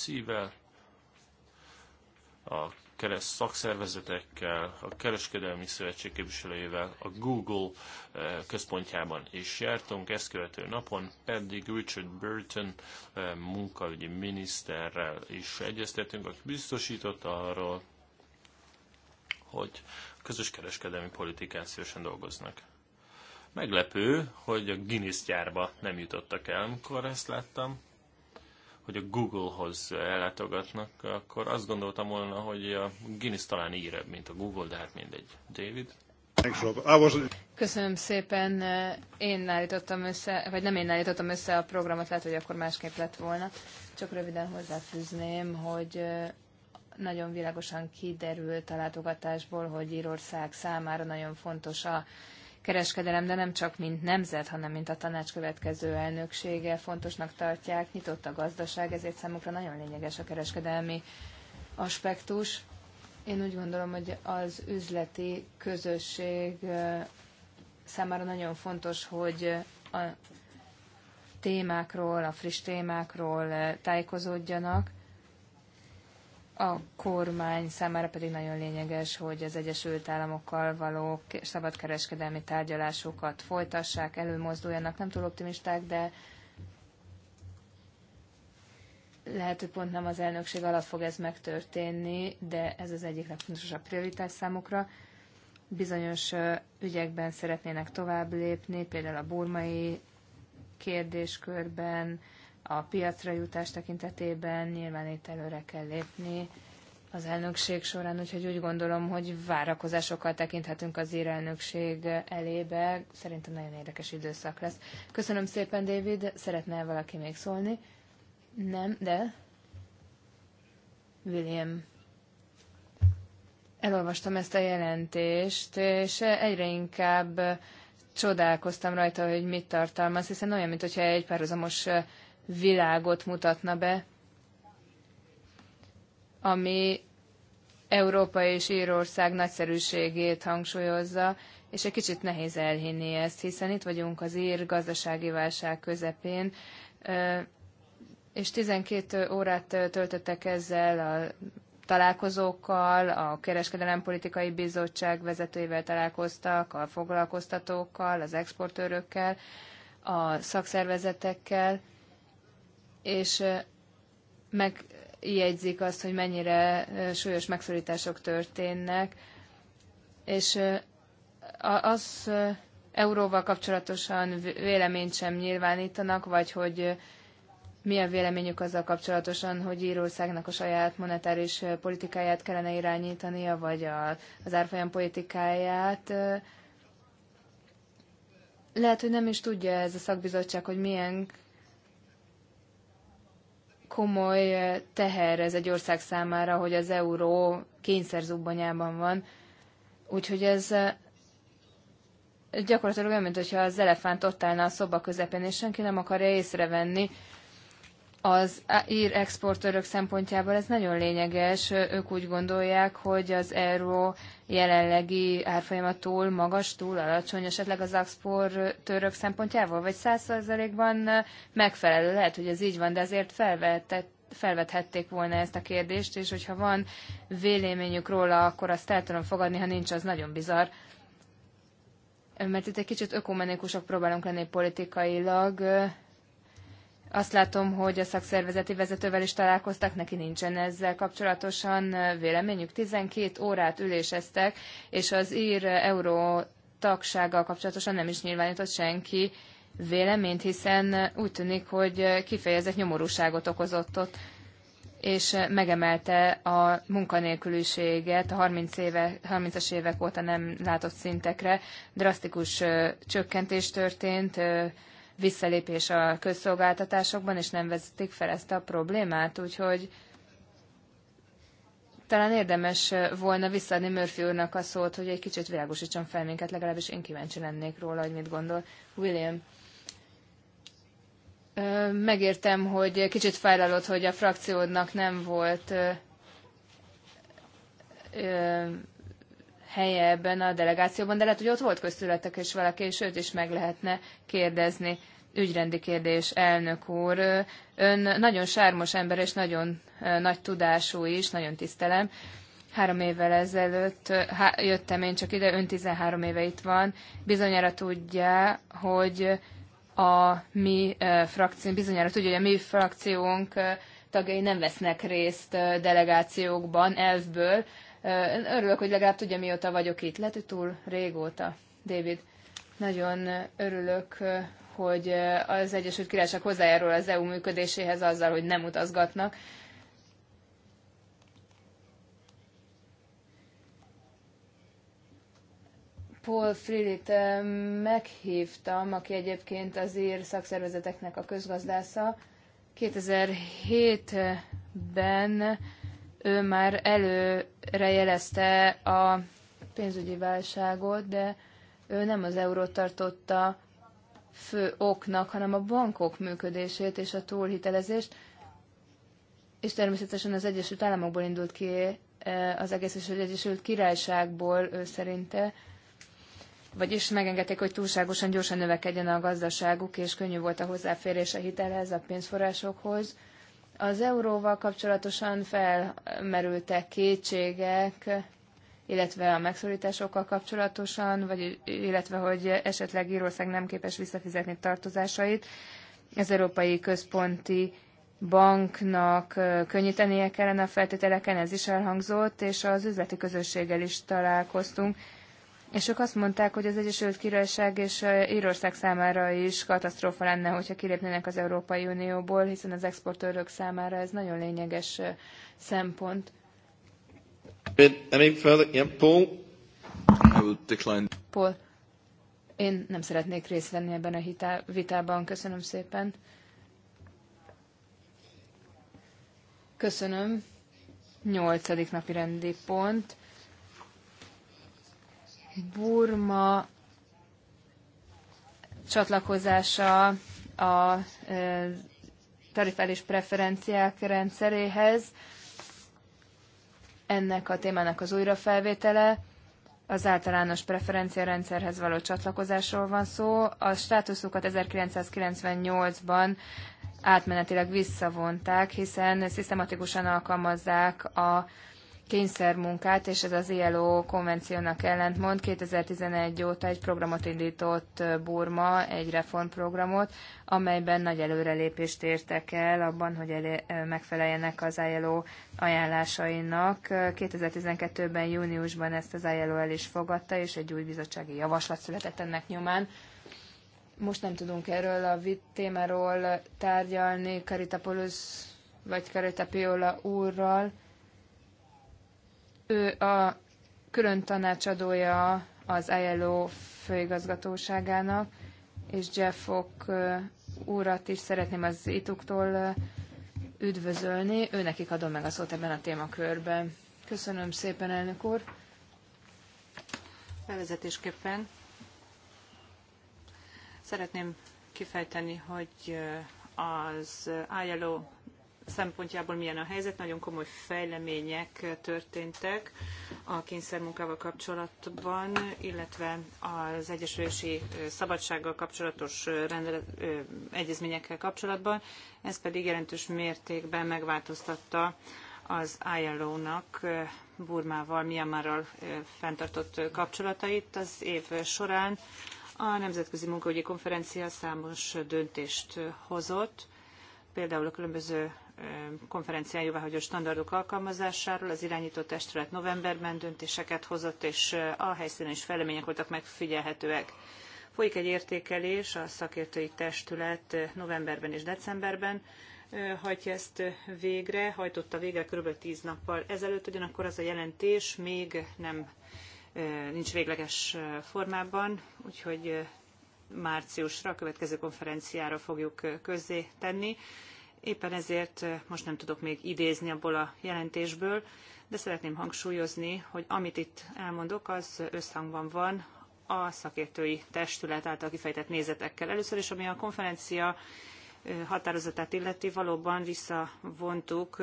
IBE vel a kereszt szakszervezetekkel, a Kereskedelmi Szövetség képviselőjével, a Google eh, központjában is jártunk, ezt követő napon pedig Richard Burton eh, munkaügyi miniszterrel is egyeztetünk, aki biztosította arról, hogy közös kereskedelmi politikán szívesen dolgoznak. Meglepő, hogy a Guinness gyárba nem jutottak el, amikor ezt láttam hogy a Google-hoz ellátogatnak, akkor azt gondoltam volna, hogy a Guinness talán írebb, mint a Google, de hát mindegy. David? Köszönöm szépen. Én állítottam össze, vagy nem én állítottam össze a programot, lehet, hogy akkor másképp lett volna. Csak röviden hozzáfűzném, hogy nagyon világosan kiderült a látogatásból, hogy Írország számára nagyon fontos a kereskedelem, de nem csak mint nemzet, hanem mint a tanács következő elnöksége fontosnak tartják. Nyitott a gazdaság, ezért számukra nagyon lényeges a kereskedelmi aspektus. Én úgy gondolom, hogy az üzleti közösség számára nagyon fontos, hogy a témákról, a friss témákról tájékozódjanak, a kormány számára pedig nagyon lényeges, hogy az Egyesült Államokkal való szabadkereskedelmi tárgyalásokat folytassák, előmozduljanak. Nem túl optimisták, de lehet, hogy pont nem az elnökség alatt fog ez megtörténni, de ez az egyik legfontosabb prioritás számukra. Bizonyos ügyekben szeretnének tovább lépni, például a burmai kérdéskörben, a piacra jutás tekintetében nyilván itt előre kell lépni az elnökség során, úgyhogy úgy gondolom, hogy várakozásokkal tekinthetünk az ír elnökség elébe. Szerintem nagyon érdekes időszak lesz. Köszönöm szépen, David. Szeretne -e valaki még szólni? Nem, de... William. Elolvastam ezt a jelentést, és egyre inkább csodálkoztam rajta, hogy mit tartalmaz, hiszen olyan, mintha egy párhuzamos világot mutatna be, ami Európa és Írország nagyszerűségét hangsúlyozza, és egy kicsit nehéz elhinni ezt, hiszen itt vagyunk az ír gazdasági válság közepén, és 12 órát töltöttek ezzel a találkozókkal, a Kereskedelempolitikai Bizottság vezetőivel találkoztak, a foglalkoztatókkal, az exportőrökkel, a szakszervezetekkel, és megjegyzik azt, hogy mennyire súlyos megszorítások történnek, és az euróval kapcsolatosan véleményt sem nyilvánítanak, vagy hogy mi a véleményük azzal kapcsolatosan, hogy Írországnak a saját monetáris politikáját kellene irányítania, vagy a, az árfolyam politikáját. Lehet, hogy nem is tudja ez a szakbizottság, hogy milyen komoly eh, teher ez egy ország számára, hogy az euró kényszerzubbanyában van. Úgyhogy ez eh, gyakorlatilag olyan, mintha az elefánt ott állna a szoba közepén, és senki nem akarja észrevenni, az ír exportőrök szempontjából ez nagyon lényeges. Ők úgy gondolják, hogy az euró jelenlegi árfolyama túl magas, túl alacsony, esetleg az exportőrök szempontjából, vagy 100 megfelelő. Lehet, hogy ez így van, de azért felvetett felvethették volna ezt a kérdést, és hogyha van véleményük róla, akkor azt el tudom fogadni, ha nincs, az nagyon bizarr. Mert itt egy kicsit ökumenikusok próbálunk lenni politikailag, azt látom, hogy a szakszervezeti vezetővel is találkoztak, neki nincsen ezzel kapcsolatosan véleményük. 12 órát üléseztek, és az ír euró tagsággal kapcsolatosan nem is nyilvánított senki véleményt, hiszen úgy tűnik, hogy kifejezett nyomorúságot okozott ott és megemelte a munkanélküliséget a 30 éve, 30-as évek óta nem látott szintekre. Drasztikus csökkentés történt, visszalépés a közszolgáltatásokban, és nem vezetik fel ezt a problémát, úgyhogy talán érdemes volna visszaadni Murphy úrnak a szót, hogy egy kicsit világosítson fel minket, legalábbis én kíváncsi lennék róla, hogy mit gondol. William. Megértem, hogy kicsit fájlalod, hogy a frakciódnak nem volt helye ebben a delegációban, de lehet, hogy ott volt köztületek és valaki, és őt is meg lehetne kérdezni. Ügyrendi kérdés, elnök úr. Ön nagyon sármos ember, és nagyon nagy tudású is, nagyon tisztelem. Három évvel ezelőtt há, jöttem én csak ide, ön 13 éve itt van. Bizonyára tudja, hogy a mi frakció, bizonyára tudja, hogy a mi frakciónk tagjai nem vesznek részt delegációkban elfből, Örülök, hogy legalább tudja, mióta vagyok itt. Lehet, hogy túl régóta, David. Nagyon örülök, hogy az Egyesült Királyság hozzájárul az EU működéséhez azzal, hogy nem utazgatnak. Paul Frilit meghívtam, aki egyébként az ír szakszervezeteknek a közgazdásza. 2007-ben ő már előre jelezte a pénzügyi válságot, de ő nem az eurót tartotta fő oknak, hanem a bankok működését és a túlhitelezést, és természetesen az Egyesült Államokból indult ki e, az egész, és az Egyesült Királyságból ő szerinte, vagyis megengedték, hogy túlságosan gyorsan növekedjen a gazdaságuk, és könnyű volt a hozzáférés a hitelhez, a pénzforrásokhoz, az euróval kapcsolatosan felmerültek kétségek, illetve a megszorításokkal kapcsolatosan, vagy, illetve hogy esetleg Írország nem képes visszafizetni tartozásait. Az Európai Központi Banknak könnyítenie kellene a feltételeken, ez is elhangzott, és az üzleti közösséggel is találkoztunk, és ők azt mondták, hogy az Egyesült Királyság és Írország számára is katasztrófa lenne, hogyha kilépnének az Európai Unióból, hiszen az exportőrök számára ez nagyon lényeges szempont. Paul? én nem szeretnék részt venni ebben a vitában. Köszönöm szépen. Köszönöm. Nyolcadik napi rendi pont Burma csatlakozása a tarifális preferenciák rendszeréhez, ennek a témának az újrafelvétele, az általános preferencia rendszerhez való csatlakozásról van szó. A státuszukat 1998-ban átmenetileg visszavonták, hiszen szisztematikusan alkalmazzák a kényszermunkát, és ez az ILO konvenciónak ellentmond. 2011 óta egy programot indított Burma, egy reformprogramot, amelyben nagy előrelépést értek el abban, hogy elé, megfeleljenek az ILO ajánlásainak. 2012-ben júniusban ezt az ILO el is fogadta, és egy új bizottsági javaslat született ennek nyomán. Most nem tudunk erről a vit témáról tárgyalni Karitapolusz vagy Karita Piola úrral, ő a külön tanácsadója az ILO főigazgatóságának, és Jeff Fock úrat is szeretném az ituktól üdvözölni. Ő nekik adom meg a szót ebben a témakörben. Köszönöm szépen, elnök úr. Bevezetésképpen szeretném kifejteni, hogy az ILO szempontjából milyen a helyzet. Nagyon komoly fejlemények történtek a kényszermunkával kapcsolatban, illetve az egyesülési szabadsággal kapcsolatos rendelet, egyezményekkel kapcsolatban. Ez pedig jelentős mértékben megváltoztatta az ILO-nak Burmával, Myanmarral fenntartott kapcsolatait az év során. A Nemzetközi munkaügyi Konferencia számos döntést hozott, például a különböző konferencián jóváhagyott standardok alkalmazásáról. Az irányító testület novemberben döntéseket hozott, és a helyszínen is fejlemények voltak megfigyelhetőek. Folyik egy értékelés, a szakértői testület novemberben és decemberben hajtja ezt végre, hajtotta végre kb. 10 nappal ezelőtt, ugyanakkor az a jelentés még nem nincs végleges formában, úgyhogy márciusra, a következő konferenciára fogjuk közzé tenni. Éppen ezért most nem tudok még idézni abból a jelentésből, de szeretném hangsúlyozni, hogy amit itt elmondok, az összhangban van a szakértői testület által kifejtett nézetekkel. Először is, ami a konferencia határozatát illeti, valóban visszavontuk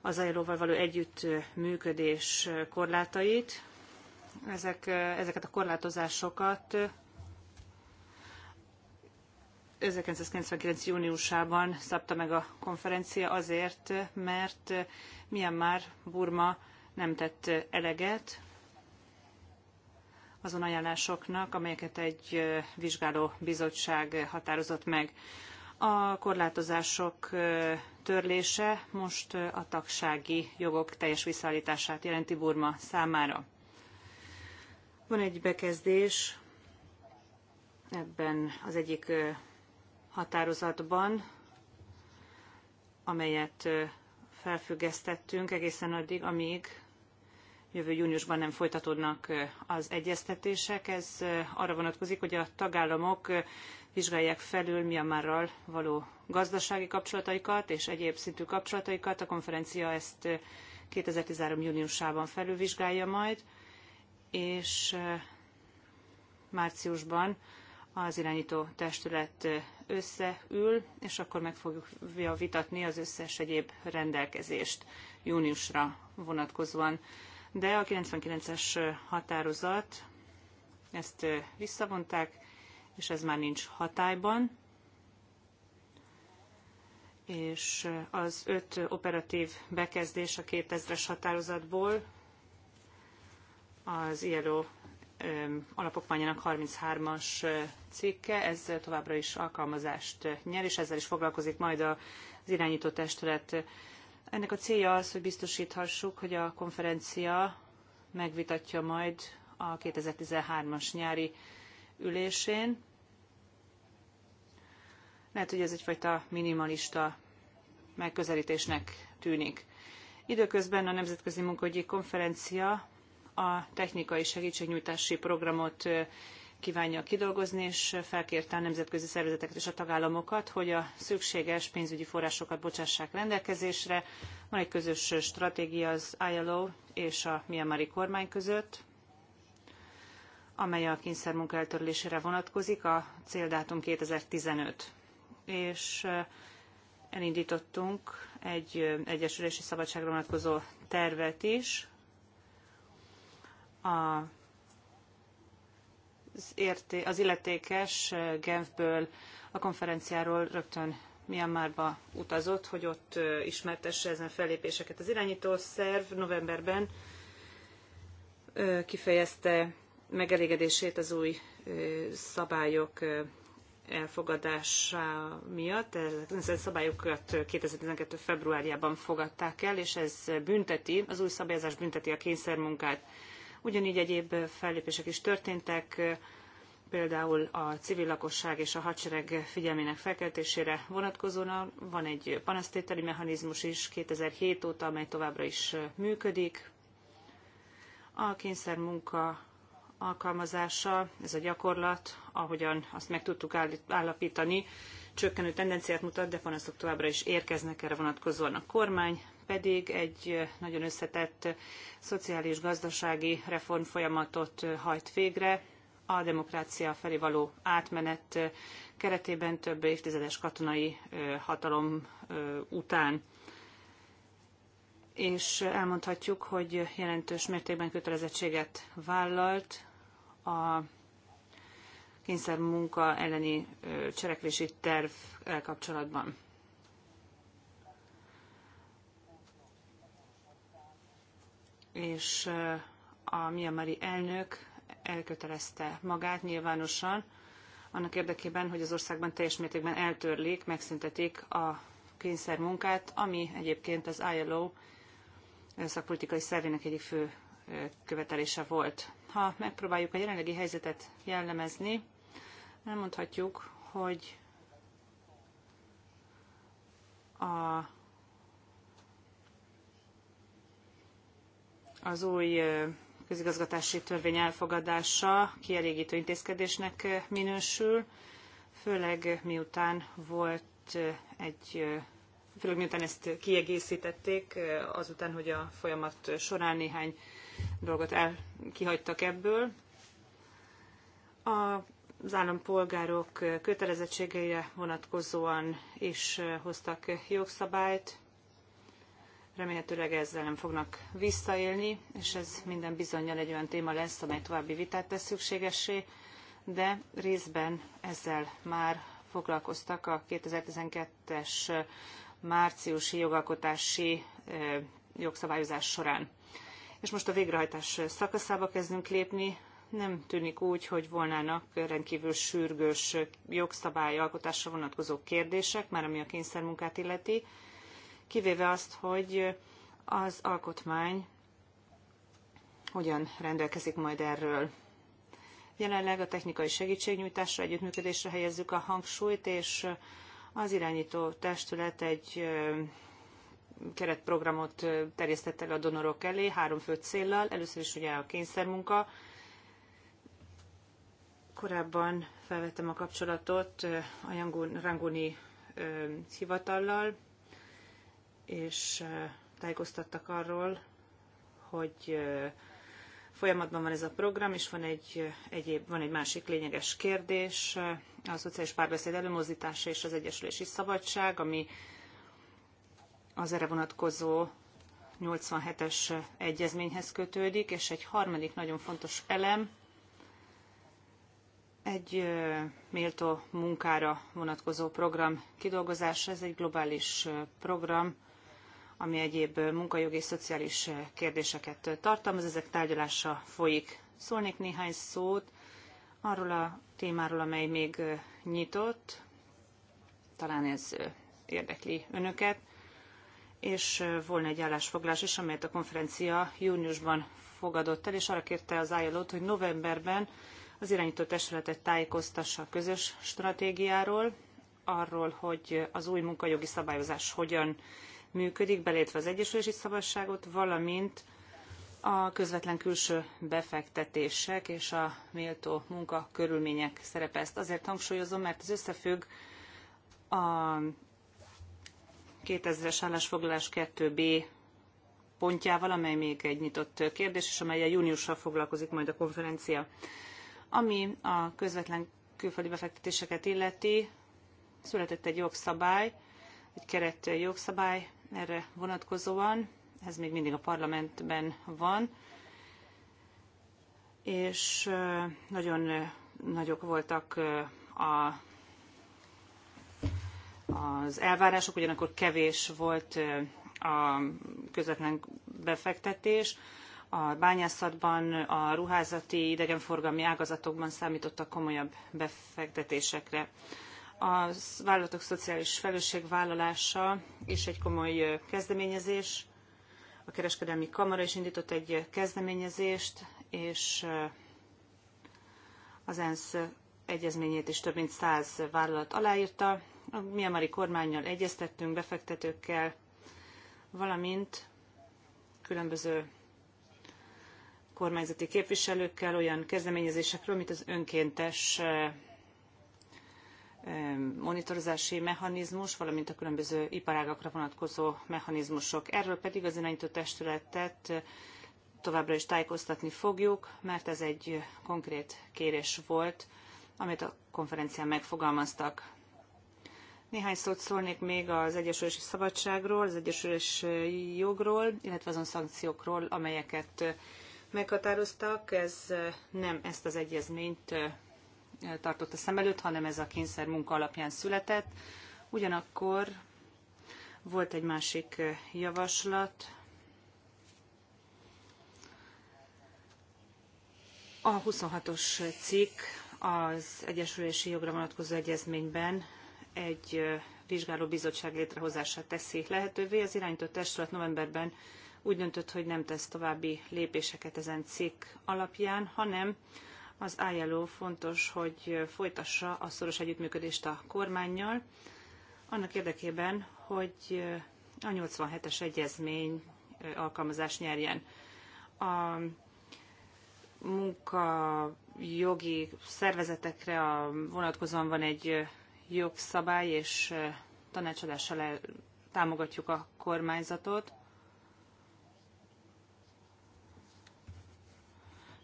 az ILO-val való együttműködés korlátait. Ezek, ezeket a korlátozásokat 1999. júniusában szabta meg a konferencia azért, mert Myanmar, Burma nem tett eleget azon ajánlásoknak, amelyeket egy vizsgáló bizottság határozott meg. A korlátozások törlése most a tagsági jogok teljes visszaállítását jelenti Burma számára. Van egy bekezdés ebben az egyik határozatban, amelyet felfüggesztettünk egészen addig, amíg jövő júniusban nem folytatódnak az egyeztetések. Ez arra vonatkozik, hogy a tagállamok vizsgálják felül Myanmarral való gazdasági kapcsolataikat és egyéb szintű kapcsolataikat. A konferencia ezt 2013. júniusában felülvizsgálja majd, és márciusban az irányító testület összeül, és akkor meg fogjuk vitatni az összes egyéb rendelkezést júniusra vonatkozóan. De a 99-es határozat, ezt visszavonták, és ez már nincs hatályban. És az öt operatív bekezdés a 2000-es határozatból az ILO alapokmányának 33-as cikke, ez továbbra is alkalmazást nyer, és ezzel is foglalkozik majd az irányító testület. Ennek a célja az, hogy biztosíthassuk, hogy a konferencia megvitatja majd a 2013-as nyári ülésén. Lehet, hogy ez egyfajta minimalista megközelítésnek tűnik. Időközben a Nemzetközi Munkahogyi Konferencia a technikai segítségnyújtási programot kívánja kidolgozni, és felkérte a nemzetközi szervezeteket és a tagállamokat, hogy a szükséges pénzügyi forrásokat bocsássák rendelkezésre. Van egy közös stratégia az ILO és a Myanmari kormány között, amely a kényszermunka eltörlésére vonatkozik, a céldátum 2015. És elindítottunk egy egyesülési szabadságra vonatkozó tervet is, a az, érté, az illetékes Genfből a konferenciáról rögtön Myanmarba utazott, hogy ott ismertesse ezen fellépéseket. Az irányító szerv novemberben kifejezte megelégedését az új szabályok elfogadása miatt. Ezen szabályokat 2012. februárjában fogadták el, és ez bünteti, az új szabályozás bünteti a kényszermunkát. Ugyanígy egyéb fellépések is történtek, például a civil lakosság és a hadsereg figyelmének felkeltésére vonatkozóan van egy panasztételi mechanizmus is 2007 óta, amely továbbra is működik. A kényszermunka alkalmazása, ez a gyakorlat, ahogyan azt meg tudtuk állapítani, csökkenő tendenciát mutat, de panaszok továbbra is érkeznek erre vonatkozóan a kormány pedig egy nagyon összetett szociális-gazdasági reformfolyamatot hajt végre, a demokrácia felé való átmenet keretében több évtizedes katonai hatalom után. És elmondhatjuk, hogy jelentős mértékben kötelezettséget vállalt a kényszermunka elleni cselekvési terv kapcsolatban. és eh, a miamari elnök elkötelezte magát nyilvánosan annak érdekében, hogy az országban teljes mértékben eltörlik, megszüntetik a kényszermunkát, ami egyébként az ILO szakpolitikai szervének egyik fő eh, követelése volt. Ha megpróbáljuk a jelenlegi helyzetet jellemezni, elmondhatjuk, hogy a az új közigazgatási törvény elfogadása kielégítő intézkedésnek minősül, főleg miután volt egy főleg miután ezt kiegészítették, azután, hogy a folyamat során néhány dolgot el, kihagytak ebből. Az állampolgárok kötelezettségeire vonatkozóan is hoztak jogszabályt, Remélhetőleg ezzel nem fognak visszaélni, és ez minden bizonyal egy olyan téma lesz, amely további vitát tesz szükségessé, de részben ezzel már foglalkoztak a 2012-es márciusi jogalkotási jogszabályozás során. És most a végrehajtás szakaszába kezdünk lépni. Nem tűnik úgy, hogy volnának rendkívül sürgős jogszabályalkotásra vonatkozó kérdések, már ami a kényszermunkát illeti, kivéve azt, hogy az alkotmány hogyan rendelkezik majd erről. Jelenleg a technikai segítségnyújtásra, együttműködésre helyezzük a hangsúlyt, és az irányító testület egy keretprogramot terjesztett el a donorok elé három fő céllal. Először is ugye a kényszermunka. Korábban felvettem a kapcsolatot a Ranguni hivatallal, és tájékoztattak arról, hogy folyamatban van ez a program, és van egy, egyéb, van egy másik lényeges kérdés, a szociális párbeszéd előmozdítása és az egyesülési szabadság, ami az erre vonatkozó 87-es egyezményhez kötődik, és egy harmadik nagyon fontos elem, egy méltó munkára vonatkozó program kidolgozása, ez egy globális program, ami egyéb munkajogi és szociális kérdéseket tartalmaz. Ezek tárgyalása folyik. Szólnék néhány szót arról a témáról, amely még nyitott. Talán ez érdekli önöket. És volna egy állásfoglás is, amelyet a konferencia júniusban fogadott el, és arra kérte az ilo hogy novemberben az irányító testületet tájékoztassa a közös stratégiáról, arról, hogy az új munkajogi szabályozás hogyan működik, belétve az Egyesülési Szabadságot, valamint a közvetlen külső befektetések és a méltó munkakörülmények szerepe. Ezt azért hangsúlyozom, mert ez összefügg a 2000-es állásfoglalás 2B pontjával, amely még egy nyitott kérdés, és amely a júniussal foglalkozik majd a konferencia. Ami a közvetlen külföldi befektetéseket illeti, született egy jogszabály, egy keret jogszabály, erre vonatkozóan, ez még mindig a parlamentben van, és nagyon nagyok voltak a, az elvárások, ugyanakkor kevés volt a közvetlen befektetés. A bányászatban, a ruházati, idegenforgalmi ágazatokban számítottak komolyabb befektetésekre a vállalatok szociális felelősségvállalása is egy komoly kezdeményezés. A kereskedelmi kamara is indított egy kezdeményezést, és az ENSZ egyezményét is több mint száz vállalat aláírta. A Miamari kormányjal egyeztettünk, befektetőkkel, valamint különböző kormányzati képviselőkkel olyan kezdeményezésekről, mint az önkéntes monitorozási mechanizmus, valamint a különböző iparágakra vonatkozó mechanizmusok. Erről pedig az irányító testületet eh, továbbra is tájékoztatni fogjuk, mert ez egy konkrét kérés volt, amit a konferencián megfogalmaztak. Néhány szót szólnék még az egyesülési szabadságról, az egyesülési jogról, illetve azon szankciókról, amelyeket eh, meghatároztak. Ez eh, nem ezt az egyezményt tartotta szem előtt, hanem ez a kényszer munka alapján született. Ugyanakkor volt egy másik javaslat, A 26-os cikk az Egyesülési Jogra vonatkozó egyezményben egy vizsgáló bizottság létrehozását teszi lehetővé. Az irányító testület novemberben úgy döntött, hogy nem tesz további lépéseket ezen cikk alapján, hanem az ILO fontos, hogy folytassa a szoros együttműködést a kormányjal, annak érdekében, hogy a 87-es egyezmény alkalmazás nyerjen. A munkajogi szervezetekre a, vonatkozóan van egy jogszabály, és tanácsadással támogatjuk a kormányzatot.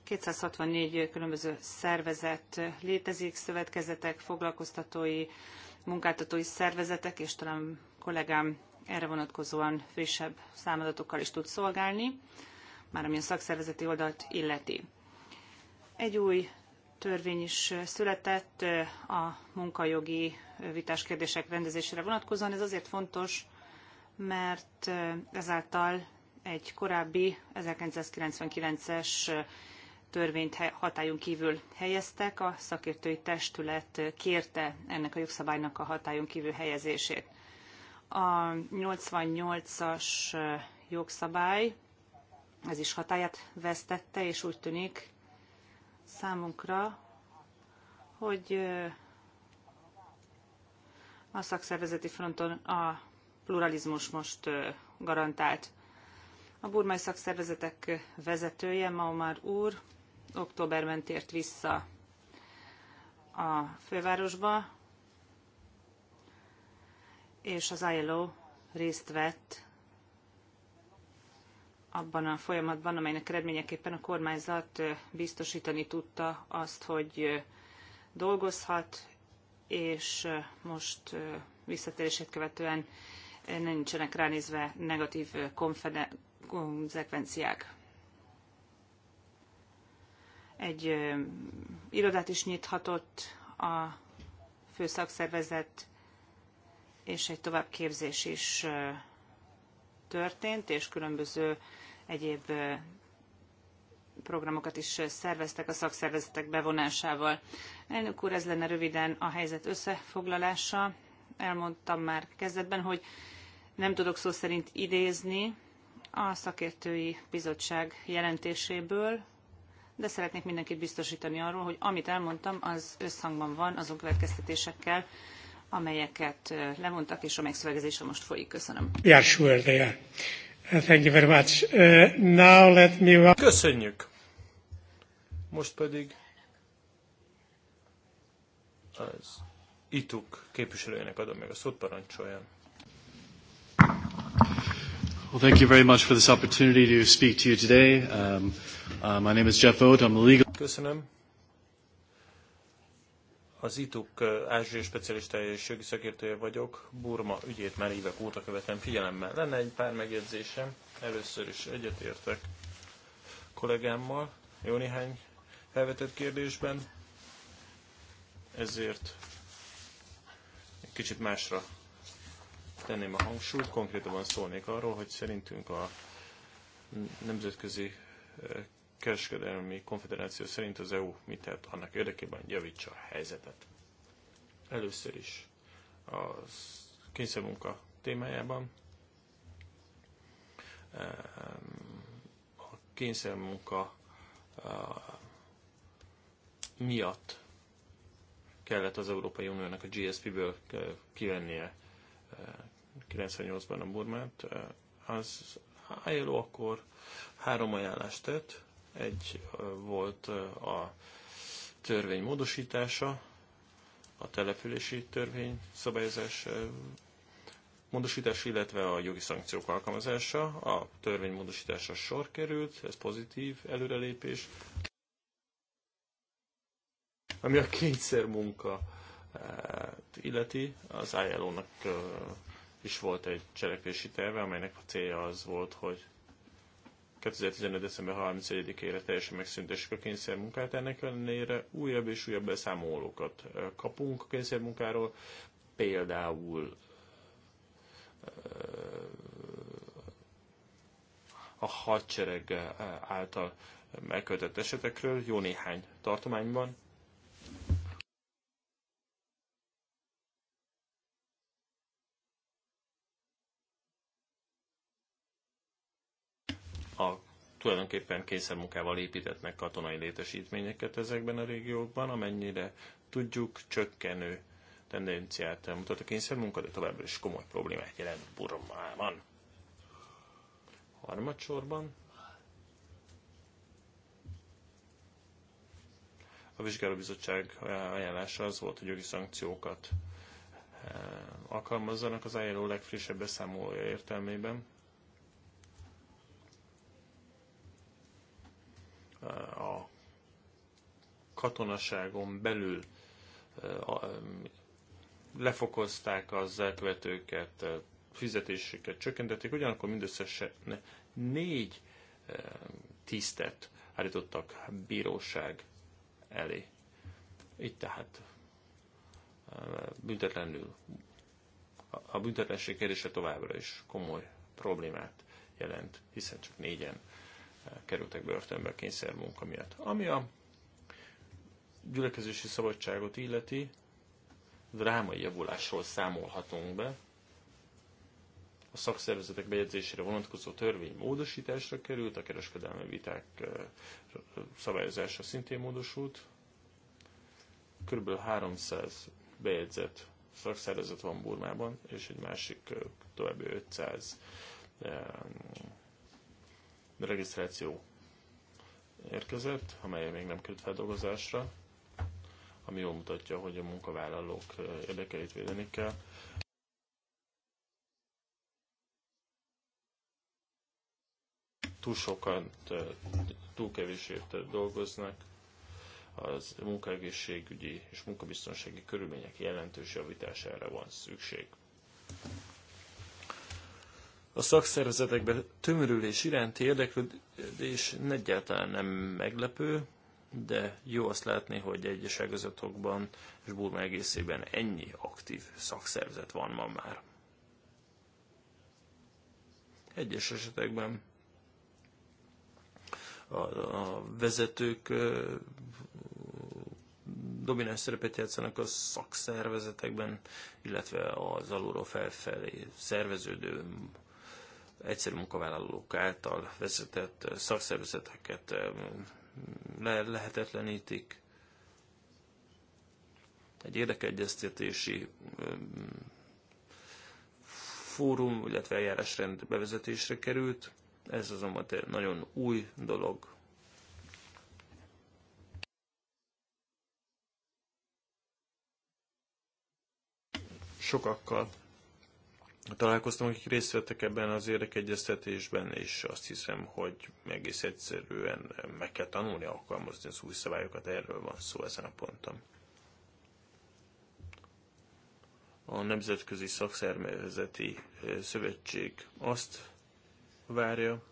264 különböző szervezet létezik, szövetkezetek, foglalkoztatói, munkáltatói szervezetek, és talán kollégám erre vonatkozóan frissebb számadatokkal is tud szolgálni, már ami a szakszervezeti oldalt illeti. Egy új törvény is született a munkajogi vitás kérdések rendezésére vonatkozóan. Ez azért fontos, mert ezáltal egy korábbi 1999-es törvényt hatályon kívül helyeztek, a szakértői testület kérte ennek a jogszabálynak a hatályon kívül helyezését. A 88-as jogszabály, ez is hatáját vesztette, és úgy tűnik számunkra, hogy a szakszervezeti fronton a pluralizmus most garantált. A burmai szakszervezetek vezetője, Maumar úr, októberben tért vissza a fővárosba, és az ILO részt vett abban a folyamatban, amelynek eredményeképpen a kormányzat biztosítani tudta azt, hogy dolgozhat, és most visszatérését követően nincsenek ránézve negatív konzekvenciák egy irodát is nyithatott a főszakszervezet, és egy továbbképzés is történt, és különböző egyéb programokat is szerveztek a szakszervezetek bevonásával. Elnök úr, ez lenne röviden a helyzet összefoglalása. Elmondtam már kezdetben, hogy nem tudok szó szerint idézni a szakértői bizottság jelentéséből, de szeretnék mindenkit biztosítani arról, hogy amit elmondtam, az összhangban van azon következtetésekkel, amelyeket levontak, és a megszövegezése most folyik. Köszönöm. Yeah, sure, yeah. Thank you very much. Uh, now let me... Köszönjük. Most pedig az ITUK képviselőjének adom meg a szót, parancsoljon. Well, thank you very much for this opportunity to speak to you today. Um, uh, my name is Jeff Oat. I'm a legal... Köszönöm. Az ITUK uh, ázsiai specialista és jogi szakértője vagyok. Burma ügyét már évek óta követem figyelemmel. Lenne egy pár megjegyzésem. Először is egyetértek kollégámmal jó néhány felvetett kérdésben, ezért egy kicsit másra tenném a hangsúlyt, konkrétabban szólnék arról, hogy szerintünk a Nemzetközi Kereskedelmi Konfederáció szerint az EU mit tett annak érdekében, hogy javítsa a helyzetet. Először is a kényszermunka témájában a kényszermunka miatt kellett az Európai Uniónak a GSP-ből kivennie 98-ban a Burmát, az ILO akkor három ajánlást tett. Egy volt a törvény módosítása, a települési törvény szabályozás módosítása, illetve a jogi szankciók alkalmazása. A törvény módosítása sor került, ez pozitív előrelépés. Ami a kényszer munka illeti, az ILO-nak is volt egy cselekvési terve, amelynek a célja az volt, hogy 2015. december 31-ére teljesen megszüntessük a kényszermunkát. Ennek ellenére újabb és újabb beszámolókat kapunk a kényszermunkáról, például a hadsereg által megkötött esetekről jó néhány tartományban. tulajdonképpen kényszermunkával építetnek katonai létesítményeket ezekben a régiókban, amennyire tudjuk, csökkenő tendenciát mutat a kényszermunka, de továbbra is komoly problémát jelent Burmában. Harmadsorban a vizsgálóbizottság ajánlása az volt, hogy jogi szankciókat eh, alkalmazzanak az ILO legfrissebb beszámolója értelmében. a katonaságon belül lefokozták az elkövetőket, fizetésüket csökkentették, ugyanakkor mindösszesen négy tisztet állítottak bíróság elé. Itt tehát büntetlenül a büntetlenség kérdése továbbra is komoly problémát jelent, hiszen csak négyen kerültek börtönbe kényszer munka miatt. Ami a gyülekezési szabadságot illeti, drámai javulásról számolhatunk be. A szakszervezetek bejegyzésére vonatkozó törvény módosításra került, a kereskedelmi viták szabályozása szintén módosult. Körülbelül 300 bejegyzett szakszervezet van Burmában, és egy másik további 500 regisztráció érkezett, amely még nem került feldolgozásra, ami jól mutatja, hogy a munkavállalók eh, érdekeit védeni kell. Túl sokan, eh, túl kevésért dolgoznak, az munkaegészségügyi és munkabiztonsági körülmények jelentős javítására van szükség a szakszervezetekben tömörülés iránti érdeklődés egyáltalán nem meglepő, de jó azt látni, hogy egyes ágazatokban és Burma egészében ennyi aktív szakszervezet van ma már. Egyes esetekben a, a vezetők domináns szerepet játszanak a szakszervezetekben, illetve az alulról felfelé szerveződő egyszerű munkavállalók által vezetett eh, szakszervezeteket eh, le- lehetetlenítik. Egy érdekegyeztetési eh, fórum, illetve eljárásrend bevezetésre került. Ez azonban egy nagyon új dolog. Sokakkal találkoztam, akik részt vettek ebben az érdekegyeztetésben, és azt hiszem, hogy egész egyszerűen meg kell tanulni alkalmazni az új szabályokat, erről van szó ezen a ponton. A Nemzetközi Szakszervezeti eh, Szövetség azt várja,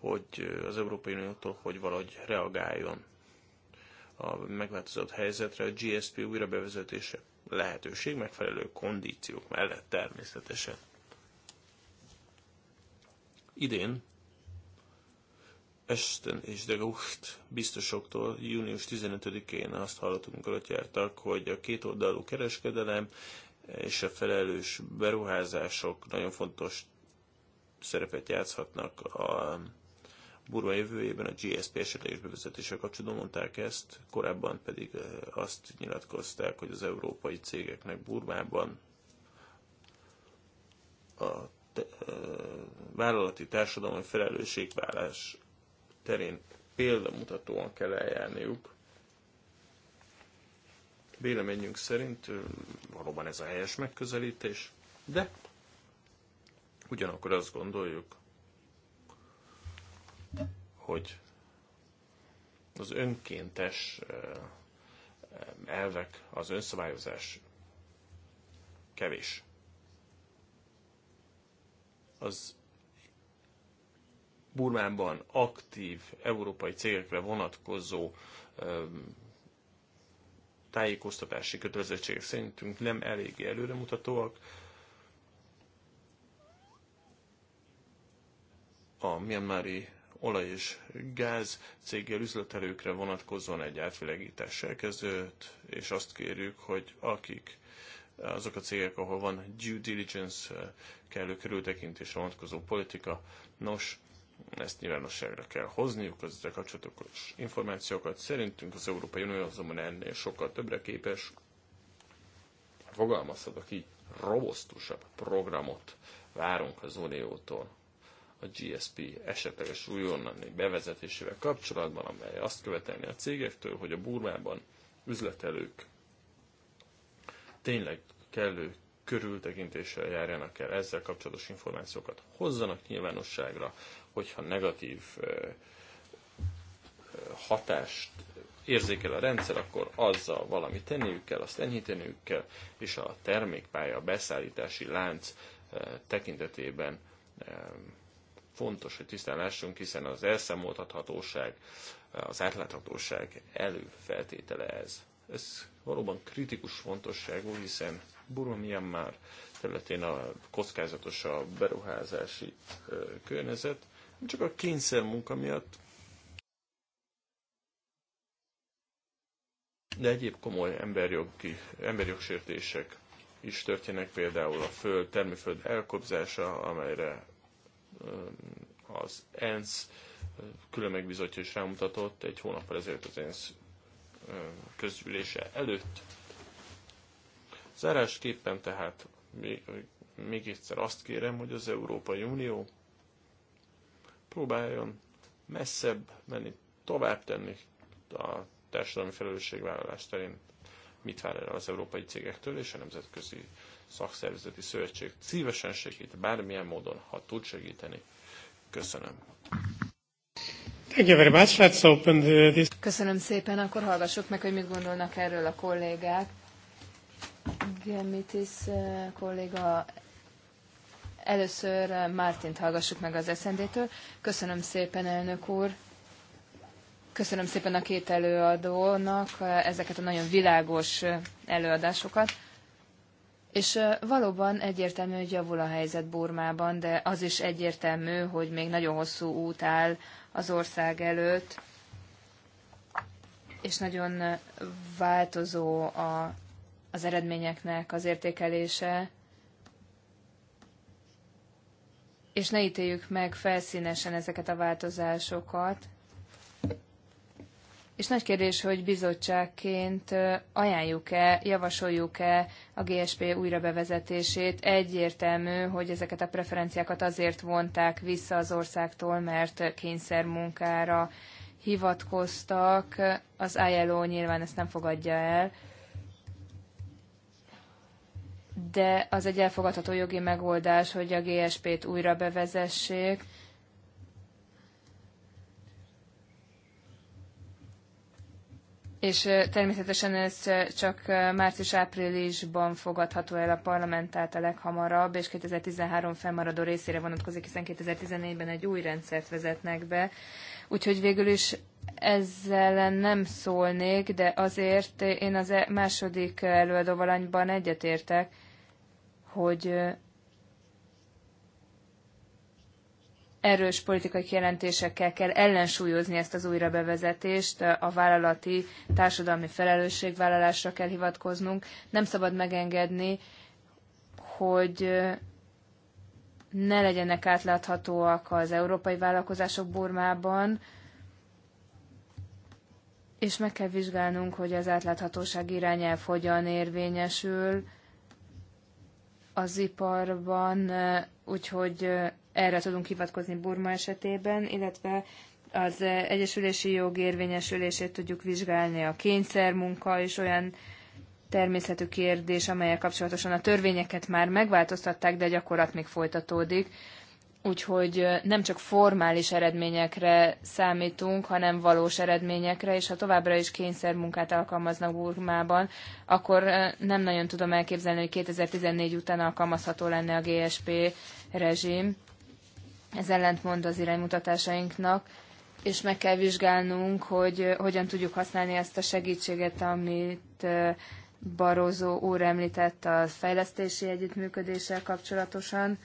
hogy eh, az Európai Uniótól hogy valahogy reagáljon a megváltozott helyzetre. A GSP újra bevezetése lehetőség megfelelő kondíciók mellett természetesen. Idén Esten és de Gucht biztosoktól június 15-én azt hallottunk, amikor ott jártak, hogy a két oldalú kereskedelem és a felelős beruházások nagyon fontos szerepet játszhatnak a Burva jövőjében a GSP esetleges bevezetése kapcsolatban mondták ezt, korábban pedig eh, azt nyilatkozták, hogy az európai cégeknek Burmában a te, eh, vállalati társadalmi felelősségvállás terén példamutatóan kell eljárniuk. Véleményünk szerint eh, valóban ez a helyes megközelítés, de ugyanakkor azt gondoljuk, hogy az önkéntes elvek, az önszabályozás kevés. Az Burmánban aktív európai cégekre vonatkozó tájékoztatási kötelezettségek szerintünk nem eléggé előremutatóak. A Myanmari olaj és gáz céggel üzletelőkre vonatkozóan egy átvilágítás elkezdődött, és azt kérjük, hogy akik azok a cégek, ahol van due diligence eh, kellő körültekintésre vonatkozó politika, nos, ezt nyilvánosságra kell hozniuk, az ezzel kapcsolatos információkat. Szerintünk az Európai Unió azonban ennél sokkal többre képes, fogalmazhatok így, robosztusabb programot várunk az Uniótól a GSP esetleges újonnani bevezetésével kapcsolatban, amely azt követelni a cégektől, hogy a Burmában üzletelők tényleg kellő körültekintéssel járjanak el, ezzel kapcsolatos információkat hozzanak nyilvánosságra, hogyha negatív hatást érzékel a rendszer, akkor azzal valami tenniük kell, azt enyhíteniük kell, és a termékpálya, beszállítási lánc tekintetében fontos, hogy tisztán lássunk, hiszen az elszámoltathatóság, az átláthatóság előfeltétele ez. Ez valóban kritikus fontosságú, hiszen Burma már területén a kockázatos a beruházási környezet, nem csak a kényszer munka miatt, de egyéb komoly emberjogi, emberjogsértések is történnek, például a föld, termőföld elkobzása, amelyre az ENSZ külön megbizotja is rámutatott egy hónappal ezelőtt az ENSZ közgyűlése előtt. Zárásképpen tehát még egyszer azt kérem, hogy az Európai Unió próbáljon messzebb menni, tovább tenni a társadalmi felelősségvállalás terén, mit vár el az európai cégektől és a nemzetközi szakszervezeti szövetség szívesen segít, bármilyen módon, ha tud segíteni. Köszönöm. Thank you very much. Let's open the, Köszönöm szépen, akkor hallgassuk meg, hogy mit gondolnak erről a kollégák. Gemitis eh, kolléga, először eh, Mártint hallgassuk meg az eszendétől. Köszönöm szépen, elnök úr. Köszönöm szépen a két előadónak eh, ezeket a nagyon világos előadásokat. És valóban egyértelmű, hogy javul a helyzet Burmában, de az is egyértelmű, hogy még nagyon hosszú út áll az ország előtt, és nagyon változó a, az eredményeknek az értékelése. És ne ítéljük meg felszínesen ezeket a változásokat, és nagy kérdés, hogy bizottságként ajánljuk-e, javasoljuk-e a GSP újrabevezetését. Egyértelmű, hogy ezeket a preferenciákat azért vonták vissza az országtól, mert kényszermunkára hivatkoztak. Az ILO nyilván ezt nem fogadja el, de az egy elfogadható jogi megoldás, hogy a GSP-t újra bevezessék és természetesen ez csak március-áprilisban fogadható el a parlament által leghamarabb, és 2013 felmaradó részére vonatkozik, hiszen 2014-ben egy új rendszert vezetnek be. Úgyhogy végül is ezzel nem szólnék, de azért én az e-, második előadóvalanyban egyetértek, hogy erős politikai kijelentésekkel kell ellensúlyozni ezt az újrabevezetést, a vállalati társadalmi felelősségvállalásra kell hivatkoznunk. Nem szabad megengedni, hogy ne legyenek átláthatóak az európai vállalkozások Burmában, és meg kell vizsgálnunk, hogy az átláthatóság irányelv hogyan érvényesül az iparban, úgyhogy erre tudunk hivatkozni Burma esetében, illetve az egyesülési jog érvényesülését tudjuk vizsgálni, a kényszermunka és olyan természetű kérdés, amelyek kapcsolatosan a törvényeket már megváltoztatták, de gyakorlat még folytatódik. Úgyhogy nem csak formális eredményekre számítunk, hanem valós eredményekre, és ha továbbra is kényszermunkát alkalmaznak Burmában, akkor nem nagyon tudom elképzelni, hogy 2014 után alkalmazható lenne a GSP rezsim. Ez ellentmond az iránymutatásainknak, és meg kell vizsgálnunk, hogy hogyan tudjuk használni ezt a segítséget, amit Barózó úr említett a fejlesztési együttműködéssel kapcsolatosan.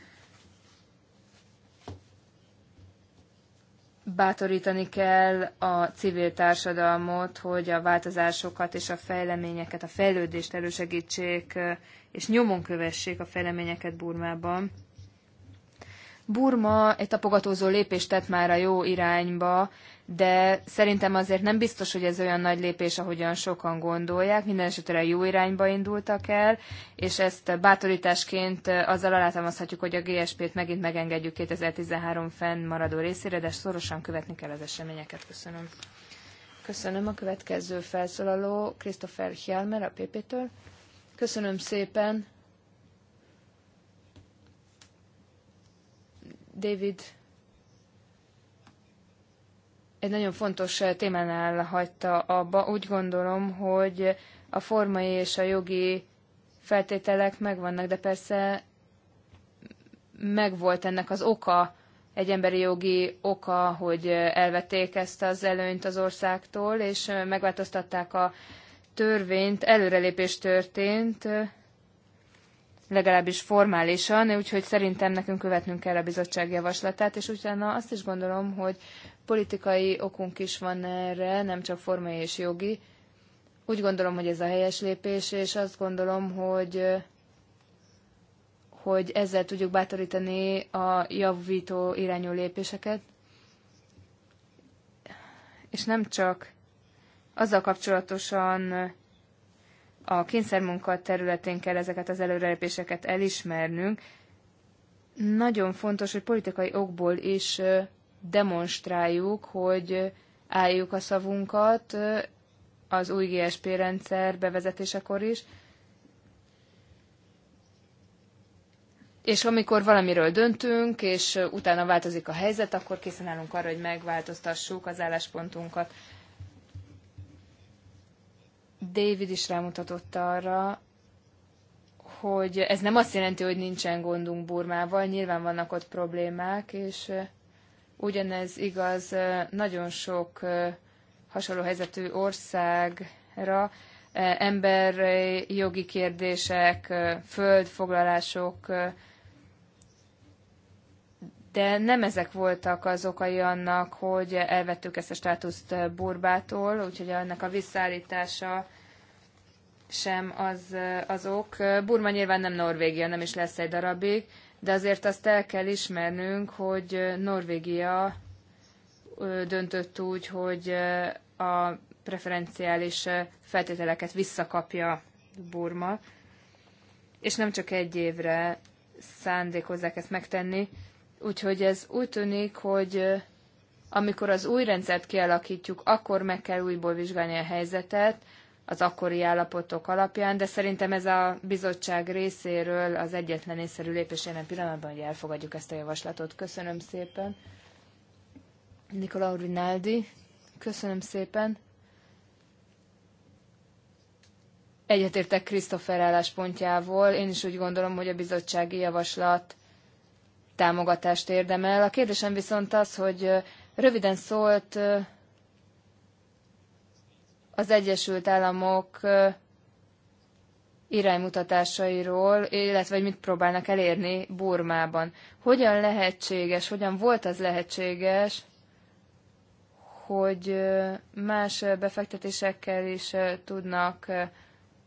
Bátorítani kell a civil társadalmot, hogy a változásokat és a fejleményeket, a fejlődést elősegítsék, és nyomon kövessék a fejleményeket Burmában Burma egy tapogatózó lépést tett már a jó irányba, de szerintem azért nem biztos, hogy ez olyan nagy lépés, ahogyan sokan gondolják. Minden esetre jó irányba indultak el, és ezt bátorításként azzal alátámaszthatjuk, hogy a GSP-t megint megengedjük 2013 fennmaradó részére, de szorosan követni kell az eseményeket. Köszönöm. Köszönöm a következő felszólaló, Christopher Hjelmer a PP-től. Köszönöm szépen. David egy nagyon fontos eh, témánál hagyta abba. Úgy gondolom, hogy a formai és a jogi feltételek megvannak, de persze megvolt ennek az oka, egy emberi jogi oka, hogy eh, elvették ezt az előnyt az országtól, és eh, megváltoztatták a törvényt, előrelépés történt, legalábbis formálisan, úgyhogy szerintem nekünk követnünk kell a bizottság javaslatát, és utána azt is gondolom, hogy politikai okunk is van erre, nem csak formai és jogi. Úgy gondolom, hogy ez a helyes lépés, és azt gondolom, hogy hogy ezzel tudjuk bátorítani a javító irányú lépéseket. És nem csak azzal kapcsolatosan a kényszermunka területén kell ezeket az előrelépéseket elismernünk. Nagyon fontos, hogy politikai okból is demonstráljuk, hogy álljuk a szavunkat az új GSP rendszer bevezetésekor is, És amikor valamiről döntünk, és utána változik a helyzet, akkor készen állunk arra, hogy megváltoztassuk az álláspontunkat. David is rámutatott arra, hogy ez nem azt jelenti, hogy nincsen gondunk Burmával, nyilván vannak ott problémák, és ugyanez igaz nagyon sok hasonló helyzetű országra, emberi jogi kérdések, földfoglalások, de nem ezek voltak az okai annak, hogy elvettük ezt a státuszt Burbától, úgyhogy ennek a visszaállítása sem az, azok. ok. Burma nyilván nem Norvégia, nem is lesz egy darabig, de azért azt el kell ismernünk, hogy Norvégia döntött úgy, hogy a preferenciális feltételeket visszakapja Burma, és nem csak egy évre szándékozzák ezt megtenni, Úgyhogy ez úgy tűnik, hogy amikor az új rendszert kialakítjuk, akkor meg kell újból vizsgálni a helyzetet az akkori állapotok alapján, de szerintem ez a bizottság részéről az egyetlen észszerű lépés jelen pillanatban, hogy elfogadjuk ezt a javaslatot. Köszönöm szépen. Nikola Rinaldi, köszönöm szépen. Egyetértek Krisztofer álláspontjából. Én is úgy gondolom, hogy a bizottsági javaslat támogatást érdemel. A kérdésem viszont az, hogy röviden szólt az Egyesült Államok iránymutatásairól, illetve hogy mit próbálnak elérni Burmában. Hogyan lehetséges, hogyan volt az lehetséges, hogy más befektetésekkel is tudnak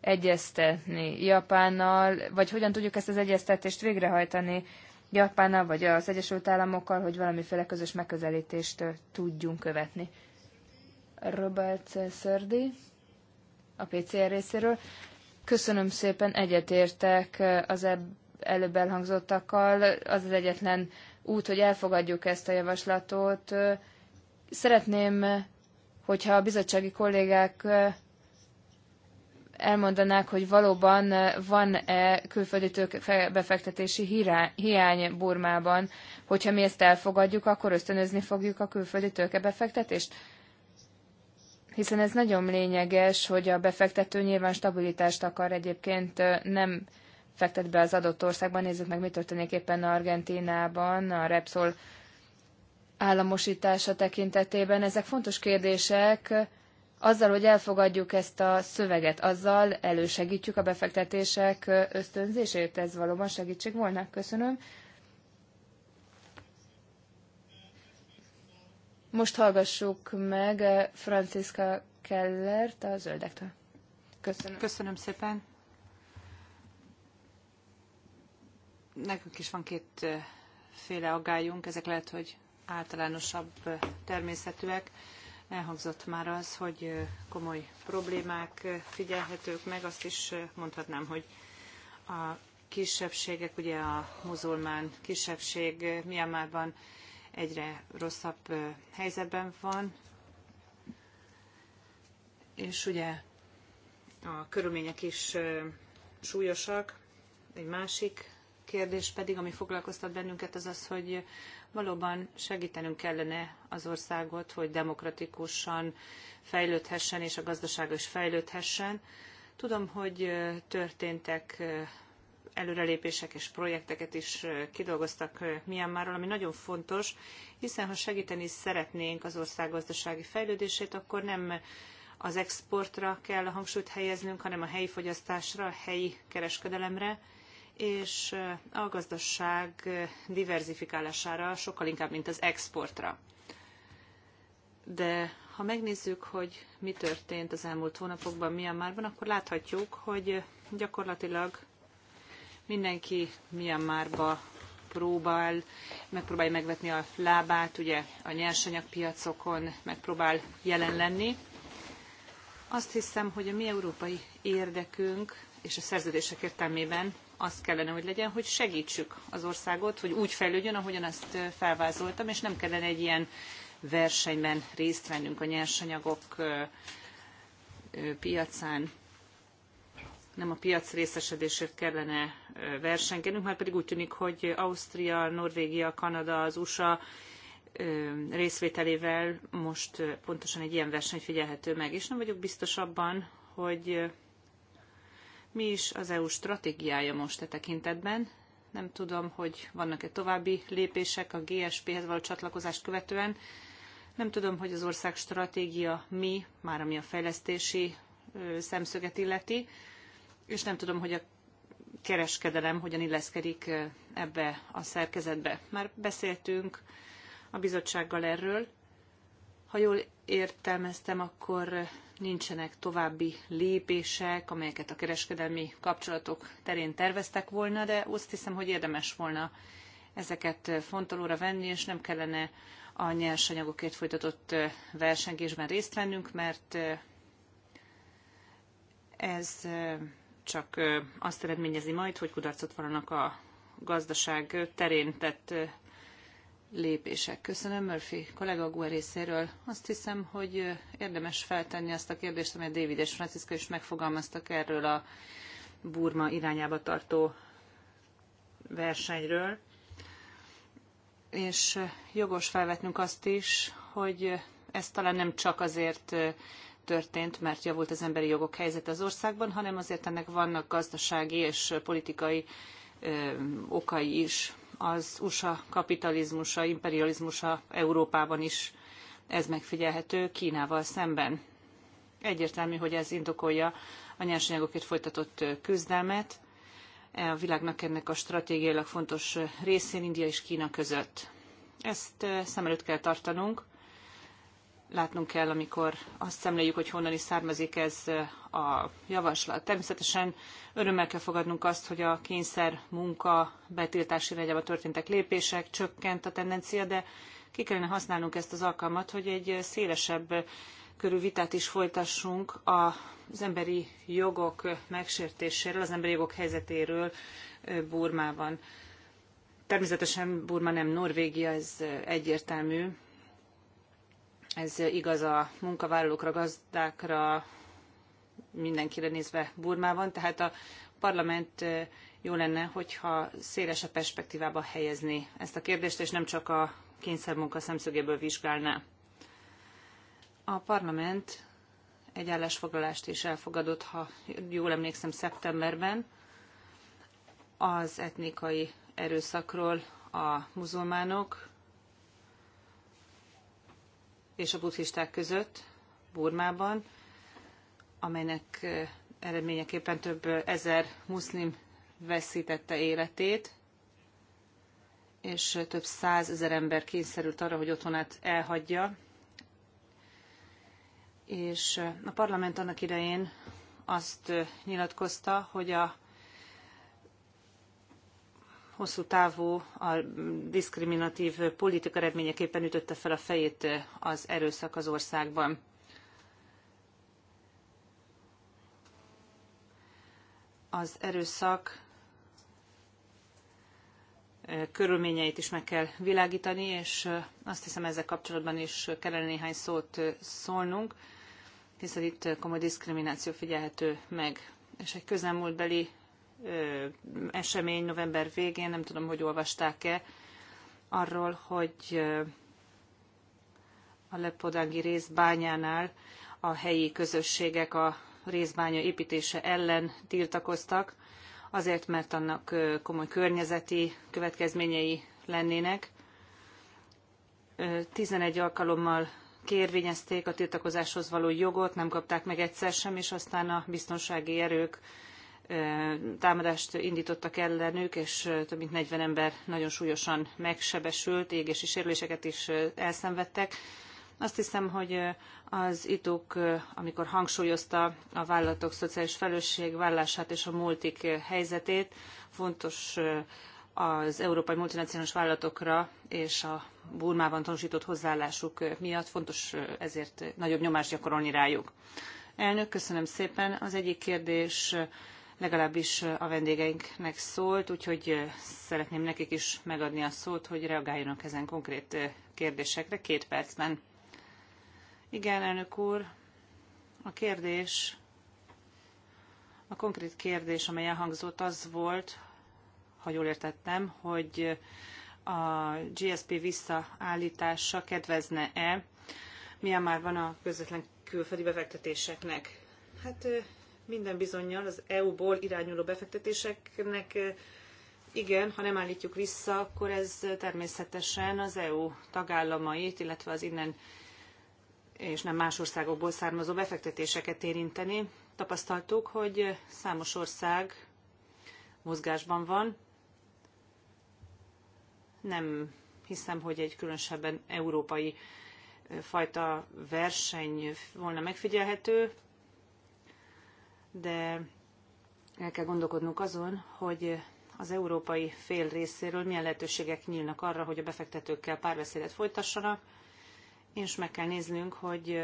egyeztetni Japánnal, vagy hogyan tudjuk ezt az egyeztetést végrehajtani Japánnal vagy az Egyesült Államokkal, hogy valamiféle közös megközelítést tudjunk követni. Robert Szördi, a PCR részéről. Köszönöm szépen, egyetértek az előbb elhangzottakkal. Az az egyetlen út, hogy elfogadjuk ezt a javaslatot. Szeretném, hogyha a bizottsági kollégák elmondanák, hogy valóban eh, van-e külföldi befektetési hiány Burmában. Hogyha mi ezt elfogadjuk, akkor ösztönözni fogjuk a külföldi befektetést. Hiszen ez nagyon lényeges, hogy a befektető nyilván stabilitást akar egyébként eh, nem fektet be az adott országban. Nézzük meg, mi történik éppen Argentínában, a Repsol államosítása tekintetében. Ezek fontos kérdések, azzal, hogy elfogadjuk ezt a szöveget, azzal elősegítjük a befektetések ösztönzését. Ez valóban segítség volna. Köszönöm. Most hallgassuk meg eh, Franciska Kellert a Zöldektől. Köszönöm. Köszönöm szépen. Nekünk is van két eh, féle ezek lehet, hogy általánosabb eh, természetűek Elhangzott már az, hogy komoly problémák figyelhetők meg, azt is mondhatnám, hogy a kisebbségek, ugye a muzulmán kisebbség Miamában egyre rosszabb helyzetben van, és ugye a körülmények is súlyosak. Egy másik kérdés pedig, ami foglalkoztat bennünket, az az, hogy valóban segítenünk kellene az országot, hogy demokratikusan fejlődhessen, és a gazdasága is fejlődhessen. Tudom, hogy történtek előrelépések és projekteket is kidolgoztak Myanmarról, ami nagyon fontos, hiszen ha segíteni szeretnénk az ország gazdasági fejlődését, akkor nem az exportra kell a hangsúlyt helyeznünk, hanem a helyi fogyasztásra, a helyi kereskedelemre, és eh, a gazdaság eh, diverzifikálására sokkal inkább, mint az exportra. De ha megnézzük, hogy mi történt az elmúlt hónapokban Myanmarban, akkor láthatjuk, hogy eh, gyakorlatilag mindenki Myanmarba próbál, megpróbál megvetni a lábát, ugye a nyersanyagpiacokon megpróbál jelen lenni. Azt hiszem, hogy a mi európai érdekünk és a szerződések értelmében az kellene, hogy legyen, hogy segítsük az országot, hogy úgy fejlődjön, ahogyan azt felvázoltam, és nem kellene egy ilyen versenyben részt vennünk a nyersanyagok piacán. Nem a piac részesedésért kellene versenkenünk, mert pedig úgy tűnik, hogy Ausztria, Norvégia, Kanada, az USA részvételével most pontosan egy ilyen verseny figyelhető meg, és nem vagyok biztos abban, hogy mi is az EU stratégiája most e tekintetben? Nem tudom, hogy vannak-e további lépések a GSP-hez való csatlakozást követően. Nem tudom, hogy az ország stratégia mi, már ami a fejlesztési szemszöget illeti, és nem tudom, hogy a kereskedelem hogyan illeszkedik ebbe a szerkezetbe. Már beszéltünk a bizottsággal erről, ha jól értelmeztem, akkor nincsenek további lépések, amelyeket a kereskedelmi kapcsolatok terén terveztek volna, de azt hiszem, hogy érdemes volna ezeket fontolóra venni, és nem kellene a nyersanyagokért folytatott versengésben részt vennünk, mert ez csak azt eredményezi majd, hogy kudarcot vallanak a gazdaság terén tett lépések. Köszönöm Murphy kollega Gua részéről. Azt hiszem, hogy érdemes feltenni azt a kérdést, amelyet David és Franciszka is megfogalmaztak erről a Burma irányába tartó versenyről. És jogos felvetnünk azt is, hogy ez talán nem csak azért történt, mert javult az emberi jogok helyzete az országban, hanem azért ennek vannak gazdasági és politikai ö, okai is az USA kapitalizmusa, imperializmusa Európában is ez megfigyelhető Kínával szemben. Egyértelmű, hogy ez indokolja a nyersanyagokért folytatott küzdelmet e a világnak ennek a stratégiailag fontos részén India és Kína között. Ezt e, szem előtt kell tartanunk, látnunk kell, amikor azt szemléljük, hogy honnan is származik ez a javaslat. Természetesen örömmel kell fogadnunk azt, hogy a kényszer munka betiltás irányába történtek lépések, csökkent a tendencia, de ki kellene használnunk ezt az alkalmat, hogy egy szélesebb körű vitát is folytassunk az emberi jogok megsértéséről, az emberi jogok helyzetéről Burmában. Természetesen Burma nem Norvégia, ez egyértelmű, ez igaz a munkavállalókra, gazdákra, mindenkire nézve Burmában, tehát a parlament jó lenne, hogyha szélesebb perspektívába helyezni ezt a kérdést, és nem csak a kényszermunka szemszögéből vizsgálná. A parlament egy állásfoglalást is elfogadott, ha jól emlékszem, szeptemberben az etnikai erőszakról a muzulmánok, és a buddhisták között Burmában, amelynek eh, eredményeképpen több eh, ezer muszlim veszítette életét, és eh, több százezer ember kényszerült arra, hogy otthonát elhagyja. És a parlament annak idején azt nyilatkozta, hogy a hosszú távú, a diszkriminatív politika eredményeképpen ütötte fel a fejét az erőszak az országban. Az erőszak körülményeit is meg kell világítani, és azt hiszem ezzel kapcsolatban is kellene néhány szót szólnunk, hiszen itt komoly diszkrimináció figyelhető meg. És egy közelmúltbeli esemény november végén, nem tudom, hogy olvasták-e, arról, hogy a Lepodangi részbányánál a helyi közösségek a részbánya építése ellen tiltakoztak, azért, mert annak komoly környezeti következményei lennének. 11 alkalommal kérvényezték a tiltakozáshoz való jogot, nem kapták meg egyszer sem, és aztán a biztonsági erők támadást indítottak ellenük, és több mint 40 ember nagyon súlyosan megsebesült, égési sérüléseket is elszenvedtek. Azt hiszem, hogy az ITUK, amikor hangsúlyozta a vállalatok szociális felelősségvállását és a multik helyzetét, fontos az európai multinacionális vállalatokra és a Burmában tanúsított hozzáállásuk miatt fontos ezért nagyobb nyomást gyakorolni rájuk. Elnök, köszönöm szépen. Az egyik kérdés legalábbis a vendégeinknek szólt, úgyhogy szeretném nekik is megadni a szót, hogy reagáljanak ezen konkrét kérdésekre két percben. Igen, elnök úr, a kérdés, a konkrét kérdés, amely elhangzott, az volt, ha jól értettem, hogy a GSP visszaállítása kedvezne-e Myanmarban a közvetlen külföldi befektetéseknek. Hát minden bizonyal az EU-ból irányuló befektetéseknek igen, ha nem állítjuk vissza, akkor ez természetesen az EU tagállamait, illetve az innen és nem más országokból származó befektetéseket érinteni. Tapasztaltuk, hogy számos ország mozgásban van. Nem hiszem, hogy egy különösebben európai fajta verseny volna megfigyelhető de el kell gondolkodnunk azon, hogy az európai fél részéről milyen lehetőségek nyílnak arra, hogy a befektetőkkel párbeszédet folytassanak, és meg kell néznünk, hogy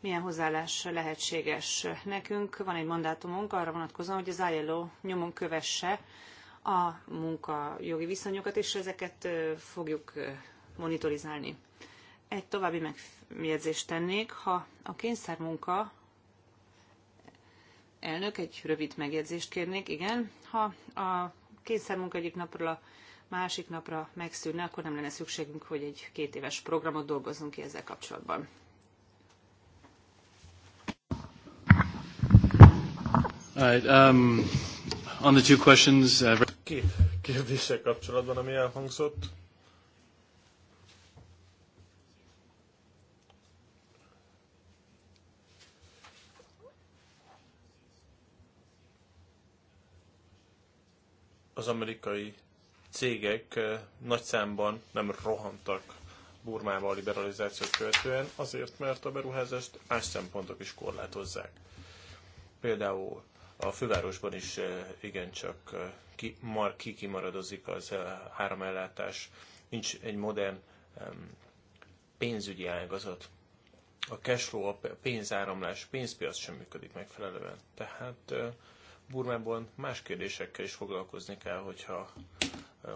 milyen hozzáállás lehetséges nekünk. Van egy mandátumunk arra vonatkozóan, hogy az ILO nyomon kövesse a munkajogi viszonyokat, és ezeket fogjuk monitorizálni. Egy további megjegyzést tennék, ha a kényszermunka Elnök, egy rövid megjegyzést kérnék. Igen, ha a kényszermunka egyik napról a másik napra megszűnne, akkor nem lenne szükségünk, hogy egy két éves programot dolgozzunk ki ezzel kapcsolatban. Right, um, on the two questions, uh... Két kérdéssel kapcsolatban, ami elhangzott. az amerikai cégek eh, nagy számban nem rohantak Burmával a liberalizációt követően, azért, mert a beruházást más szempontok is korlátozzák. Például a fővárosban is eh, igencsak eh, ki, mar, ki kimaradozik az áramellátás, nincs egy modern pénzügyi ágazat. A cashflow, a pénzáramlás, pénzpiac sem működik megfelelően. Tehát Burmában más kérdésekkel is foglalkozni kell, hogyha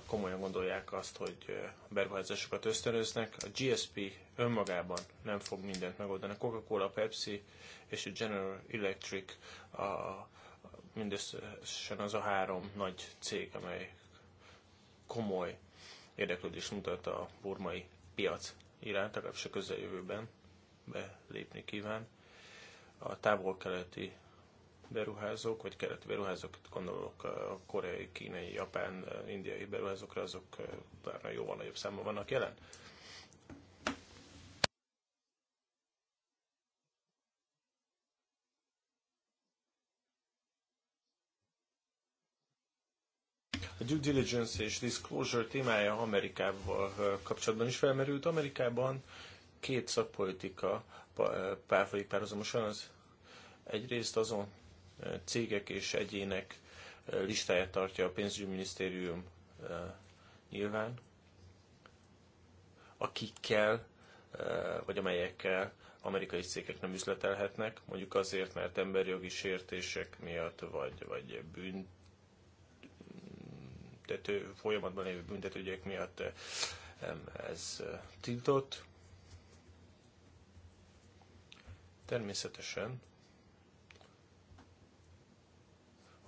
komolyan gondolják azt, hogy beruházásokat ösztönöznek. A GSP önmagában nem fog mindent megoldani. A Coca-Cola, Pepsi és a General Electric a, mindösszesen az a három nagy cég, amely komoly érdeklődést mutat a burmai piac iránt, legalábbis a közeljövőben belépni kíván. A távol-keleti beruházók, vagy keleti beruházók, gondolok a koreai, kínai, japán, eh, indiai beruházókra, azok eh, talán jóval nagyobb számban vannak jelen. A due diligence és disclosure témája Amerikával eh, kapcsolatban is felmerült. Amerikában két szakpolitika pályáfolyik párhuzamosan. Az egyrészt azon cégek és egyének listáját tartja a pénzügyminisztérium nyilván, akikkel, vagy amelyekkel amerikai cégek nem üzletelhetnek, mondjuk azért, mert emberjogi sértések miatt, vagy, vagy büntető, folyamatban lévő büntetőgyek miatt ez tiltott. Természetesen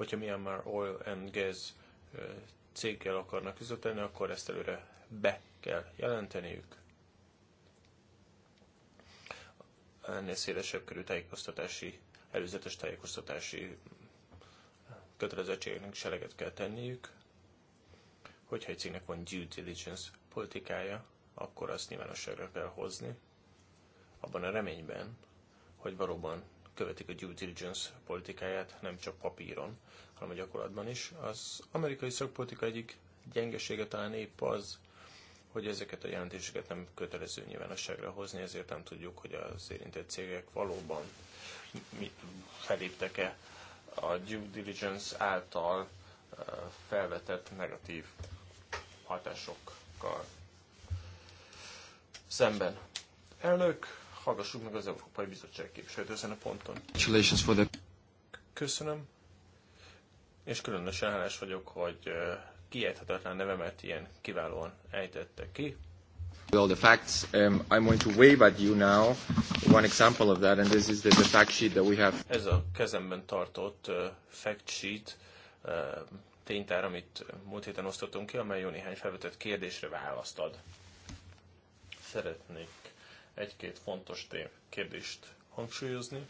Hogyha Myanmar Oil and Gas céggel akarnak üzletelni, akkor ezt előre be kell jelenteniük. Ennél szélesebb körű tájékoztatási, előzetes tájékoztatási kötelezettségnek is eleget kell tenniük. Hogyha egy cégnek van due diligence politikája, akkor azt nyilvánosságra kell hozni, abban a reményben, hogy valóban követik a due diligence politikáját nem csak papíron, hanem a gyakorlatban is. Az amerikai szakpolitika egyik gyengesége talán épp az, hogy ezeket a jelentéseket nem kötelező nyilvánosságra hozni, ezért nem tudjuk, hogy az érintett cégek valóban feléptek-e a due diligence által felvetett negatív hatásokkal szemben. Elnök, hallgassuk meg az Európai Bizottság képviselőt ezen a ponton. Köszönöm. És különösen hálás vagyok, hogy eh, kiejthetetlen nevemet ilyen kiválóan ejtette ki. Well, the facts um, I'm going to wave at you now. One example of that, and this is the, the fact sheet that we have. Ez a kezemben tartott uh, fact sheet uh, ténytár, amit múlt héten osztottunk ki, amely jó néhány felvetett kérdésre választ ad. Szeretnék egy-két fontos kérdést hangsúlyozni.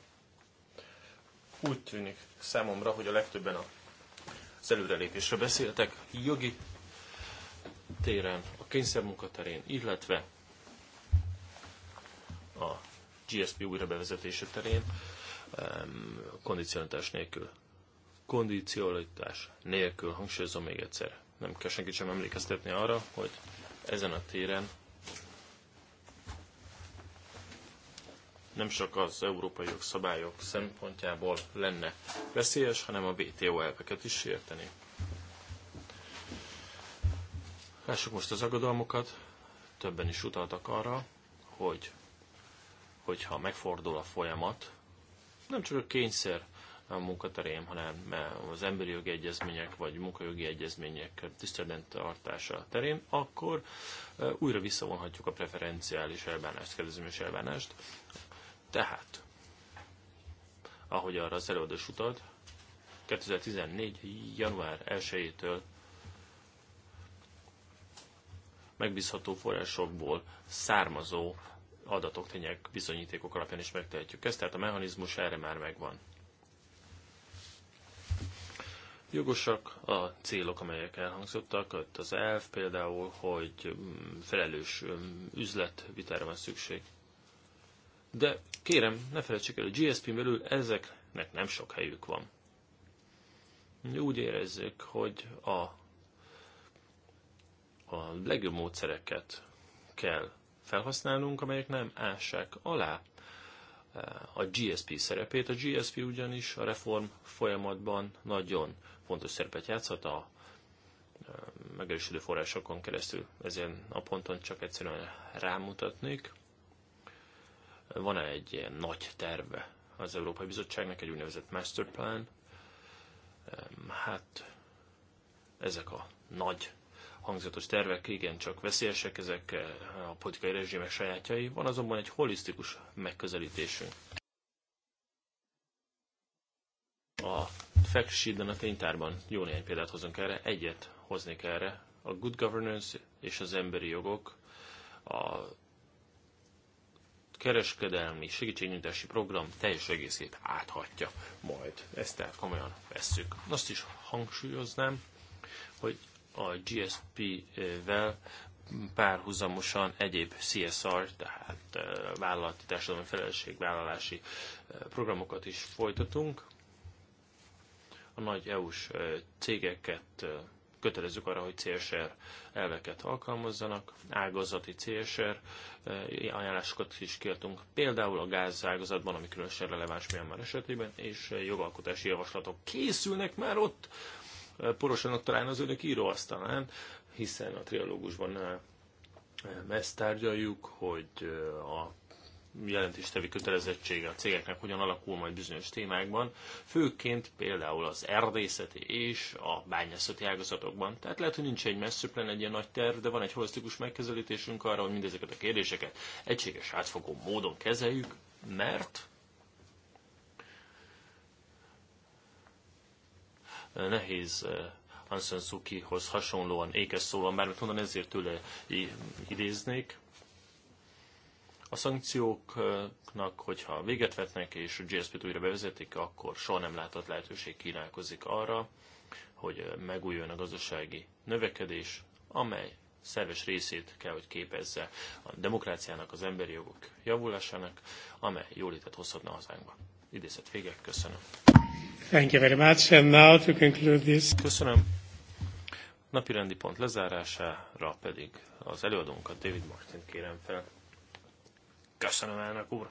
Úgy tűnik számomra, hogy a legtöbben az előrelépésre beszéltek, jogi téren, a kényszermunkaterén illetve a GSP újrabevezetése terén, kondicionalitás nélkül. Kondicionalitás nélkül, hangsúlyozom még egyszer. Nem kell senkit sem emlékeztetni arra, hogy ezen a téren nem csak az európai jogszabályok szempontjából lenne veszélyes, hanem a WTO elveket is érteni. Lássuk most az aggodalmukat. Többen is utaltak arra, hogy hogyha megfordul a folyamat, nem csak a kényszer a munkaterén, hanem az emberi jogi egyezmények vagy munkajogi egyezmények tiszteletben tartása terén, akkor újra visszavonhatjuk a preferenciális elbánást, kedvezményes elbánást. Tehát, ahogy arra az előadó utalt, 2014. január 1-től megbízható forrásokból származó adatok, tények, bizonyítékok alapján is megtehetjük ezt, tehát a mechanizmus erre már megvan. Jogosak a célok, amelyek elhangzottak, ott az elf például, hogy mm, felelős mm, üzletvitára van szükség, de kérem, ne felejtsék el, a GSP belül ezeknek nem sok helyük van. Úgy érezzük, hogy a, a legjobb módszereket kell felhasználnunk, amelyek nem ássák alá eh, a GSP szerepét. A GSP ugyanis a reform folyamatban nagyon fontos szerepet játszhat a eh, megerősödő forrásokon keresztül. Ezen a ponton csak egyszerűen rámutatnék. Van-e egy ilyen nagy terve az Európai Bizottságnak, egy úgynevezett masterplan? Hát ezek a nagy hangzatos tervek igen csak veszélyesek, ezek eh, a politikai rezsimek sajátjai. Van azonban egy holisztikus megközelítésünk. A fact sheet a ténytárban jó néhány példát hozunk erre, egyet hoznék erre. A good governance és az emberi jogok, a kereskedelmi segítségnyújtási program teljes egészét áthatja majd. Ezt tehát komolyan vesszük. Azt is hangsúlyoznám, hogy a GSP-vel párhuzamosan egyéb CSR, tehát vállalati társadalmi felelősségvállalási programokat is folytatunk. A nagy EU-s cégeket kötelezzük arra, hogy CSR elveket alkalmazzanak, ágazati CSR eh, ajánlásokat is kértünk, például a gázágazatban, ami különösen releváns Myanmar esetében, és jogalkotási javaslatok készülnek már ott, eh, porosanak talán az önök íróasztalán, hiszen a trialógusban eh, ezt tárgyaljuk, hogy a jelentéstevi kötelezettsége a cégeknek hogyan alakul majd bizonyos témákban, főként például az erdészeti és a bányászati ágazatokban. Tehát lehet, hogy nincs egy messzőplen, egy ilyen nagy terv, de van egy holisztikus megközelítésünk arra, hogy mindezeket a kérdéseket egységes átfogó módon kezeljük, mert nehéz Hansen eh, Sukihoz hasonlóan ékes szóval, bármit mondani, ezért tőle idéznék. A szankcióknak, hogyha véget vetnek és a GSP-t újra bevezetik, akkor soha nem látott lehetőség kínálkozik arra, hogy megújuljon a gazdasági növekedés, amely szerves részét kell, hogy képezze a demokráciának, az emberi jogok javulásának, amely jólétet hozhatna hazánkba. Idézet vége, köszönöm. Thank you very much, and now to conclude this. Köszönöm. Napirendi pont lezárására pedig az előadónkat, David Martin kérem fel. Köszönöm, elnök úr!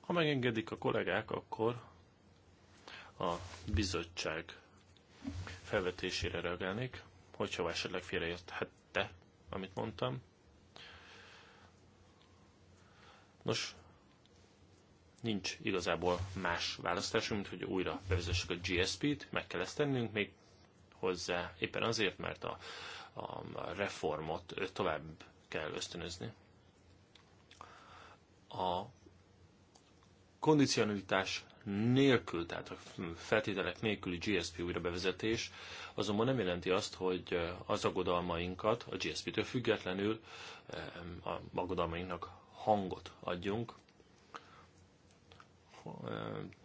Ha megengedik a kollégák, akkor a bizottság felvetésére reagálnék, hogyha esetleg félreérthette, amit mondtam. Nos, nincs igazából más választásunk, mint hogy újra bevezessük a GSP-t, meg kell ezt tennünk még hozzá, éppen azért, mert a, a reformot tovább kell ösztönözni a kondicionalitás nélkül, tehát a feltételek nélküli GSP újrabevezetés azonban nem jelenti azt, hogy az aggodalmainkat a GSP-től függetlenül a aggodalmainknak hangot adjunk,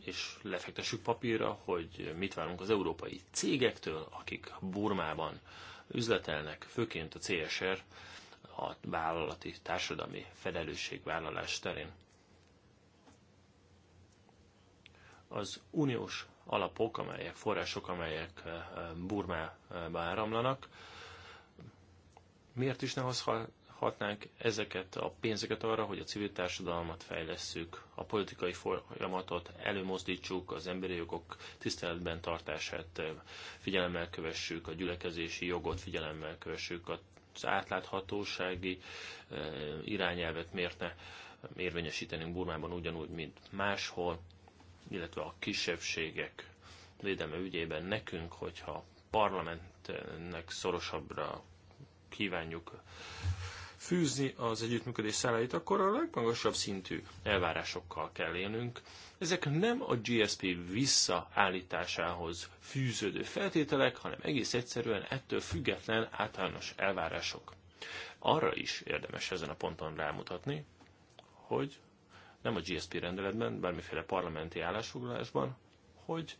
és lefektessük papírra, hogy mit várunk az európai cégektől, akik Burmában üzletelnek, főként a CSR a vállalati társadalmi felelősségvállalás terén. Az uniós alapok, amelyek források, amelyek eh, Burmába áramlanak, miért is ne használhatnánk ezeket a pénzeket arra, hogy a civil társadalmat fejlesszük, a politikai folyamatot előmozdítsuk, az emberi jogok tiszteletben tartását eh, figyelemmel kövessük, a gyülekezési jogot figyelemmel kövessük, a az átláthatósági eh, irányelvet miért ne érvényesítenünk Burmában ugyanúgy, mint máshol, illetve a kisebbségek védelme ügyében nekünk, hogyha parlamentnek szorosabbra kívánjuk fűzni az együttműködés szálait, akkor a legmagasabb szintű elvárásokkal kell élnünk. Ezek nem a GSP visszaállításához fűződő feltételek, hanem egész egyszerűen ettől független általános elvárások. Arra is érdemes ezen a ponton rámutatni, hogy nem a GSP rendeletben, bármiféle parlamenti állásfoglalásban, hogy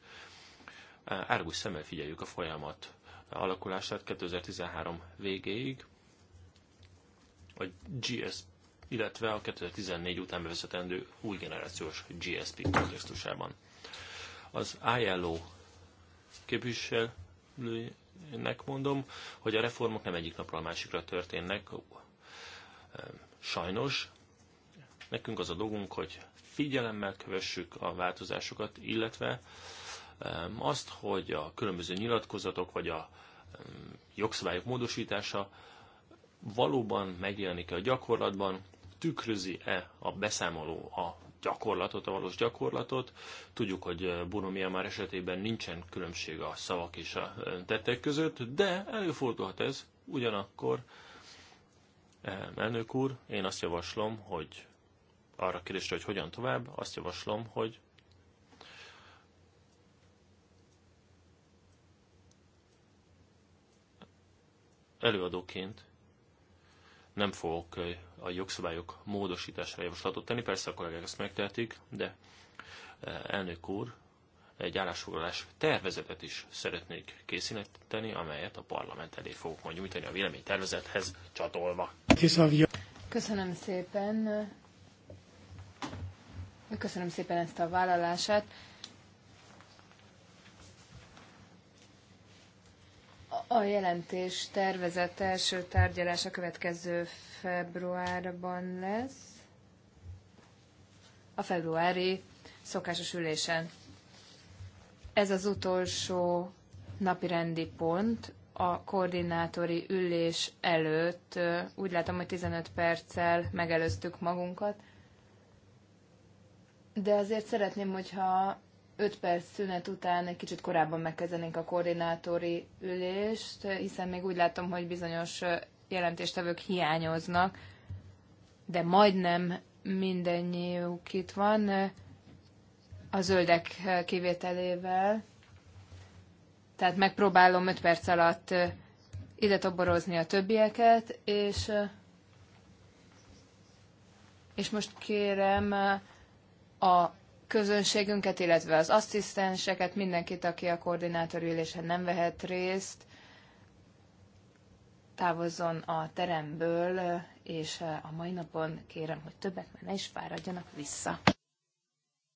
eh, árgus szemmel figyeljük a folyamat alakulását 2013 végéig, a GS, illetve a 2014 után bevezetendő új generációs GSP kontextusában. Az ILO képviselőnek mondom, hogy a reformok nem egyik napról a másikra történnek. Sajnos nekünk az a dolgunk, hogy figyelemmel kövessük a változásokat, illetve azt, hogy a különböző nyilatkozatok vagy a jogszabályok módosítása valóban megjelenik-e a gyakorlatban, tükrözi-e a beszámoló a gyakorlatot, a valós gyakorlatot. Tudjuk, hogy eh, Burumia már esetében nincsen különbség a szavak és a eh, tettek között, de előfordulhat ez ugyanakkor. Eh, elnök úr, én azt javaslom, hogy arra kérdésre, hogy hogyan tovább, azt javaslom, hogy előadóként nem fogok a jogszabályok módosításra javaslatot tenni, persze a kollégák ezt megtehetik, de elnök úr, egy állásfoglalás tervezetet is szeretnék készíteni, amelyet a parlament elé fogok majd nyújtani a véleménytervezethez csatolva. Köszönöm szépen. Köszönöm szépen ezt a vállalását. A jelentés tervezett első tárgyalása következő februárban lesz. A februári szokásos ülésen. Ez az utolsó napirendi pont a koordinátori ülés előtt. Úgy látom, hogy 15 perccel megelőztük magunkat. De azért szeretném, hogyha 5 perc szünet után egy kicsit korábban megkezdenénk a koordinátori ülést, hiszen még úgy látom, hogy bizonyos jelentéstevők hiányoznak, de majdnem mindennyiuk itt van, a zöldek kivételével. Tehát megpróbálom 5 perc alatt ide toborozni a többieket, és, és most kérem a közönségünket, illetve az asszisztenseket, mindenkit, aki a koordinátori ülésen nem vehet részt, távozzon a teremből, és eh, a mai napon kérem, hogy többet ne is fáradjanak vissza.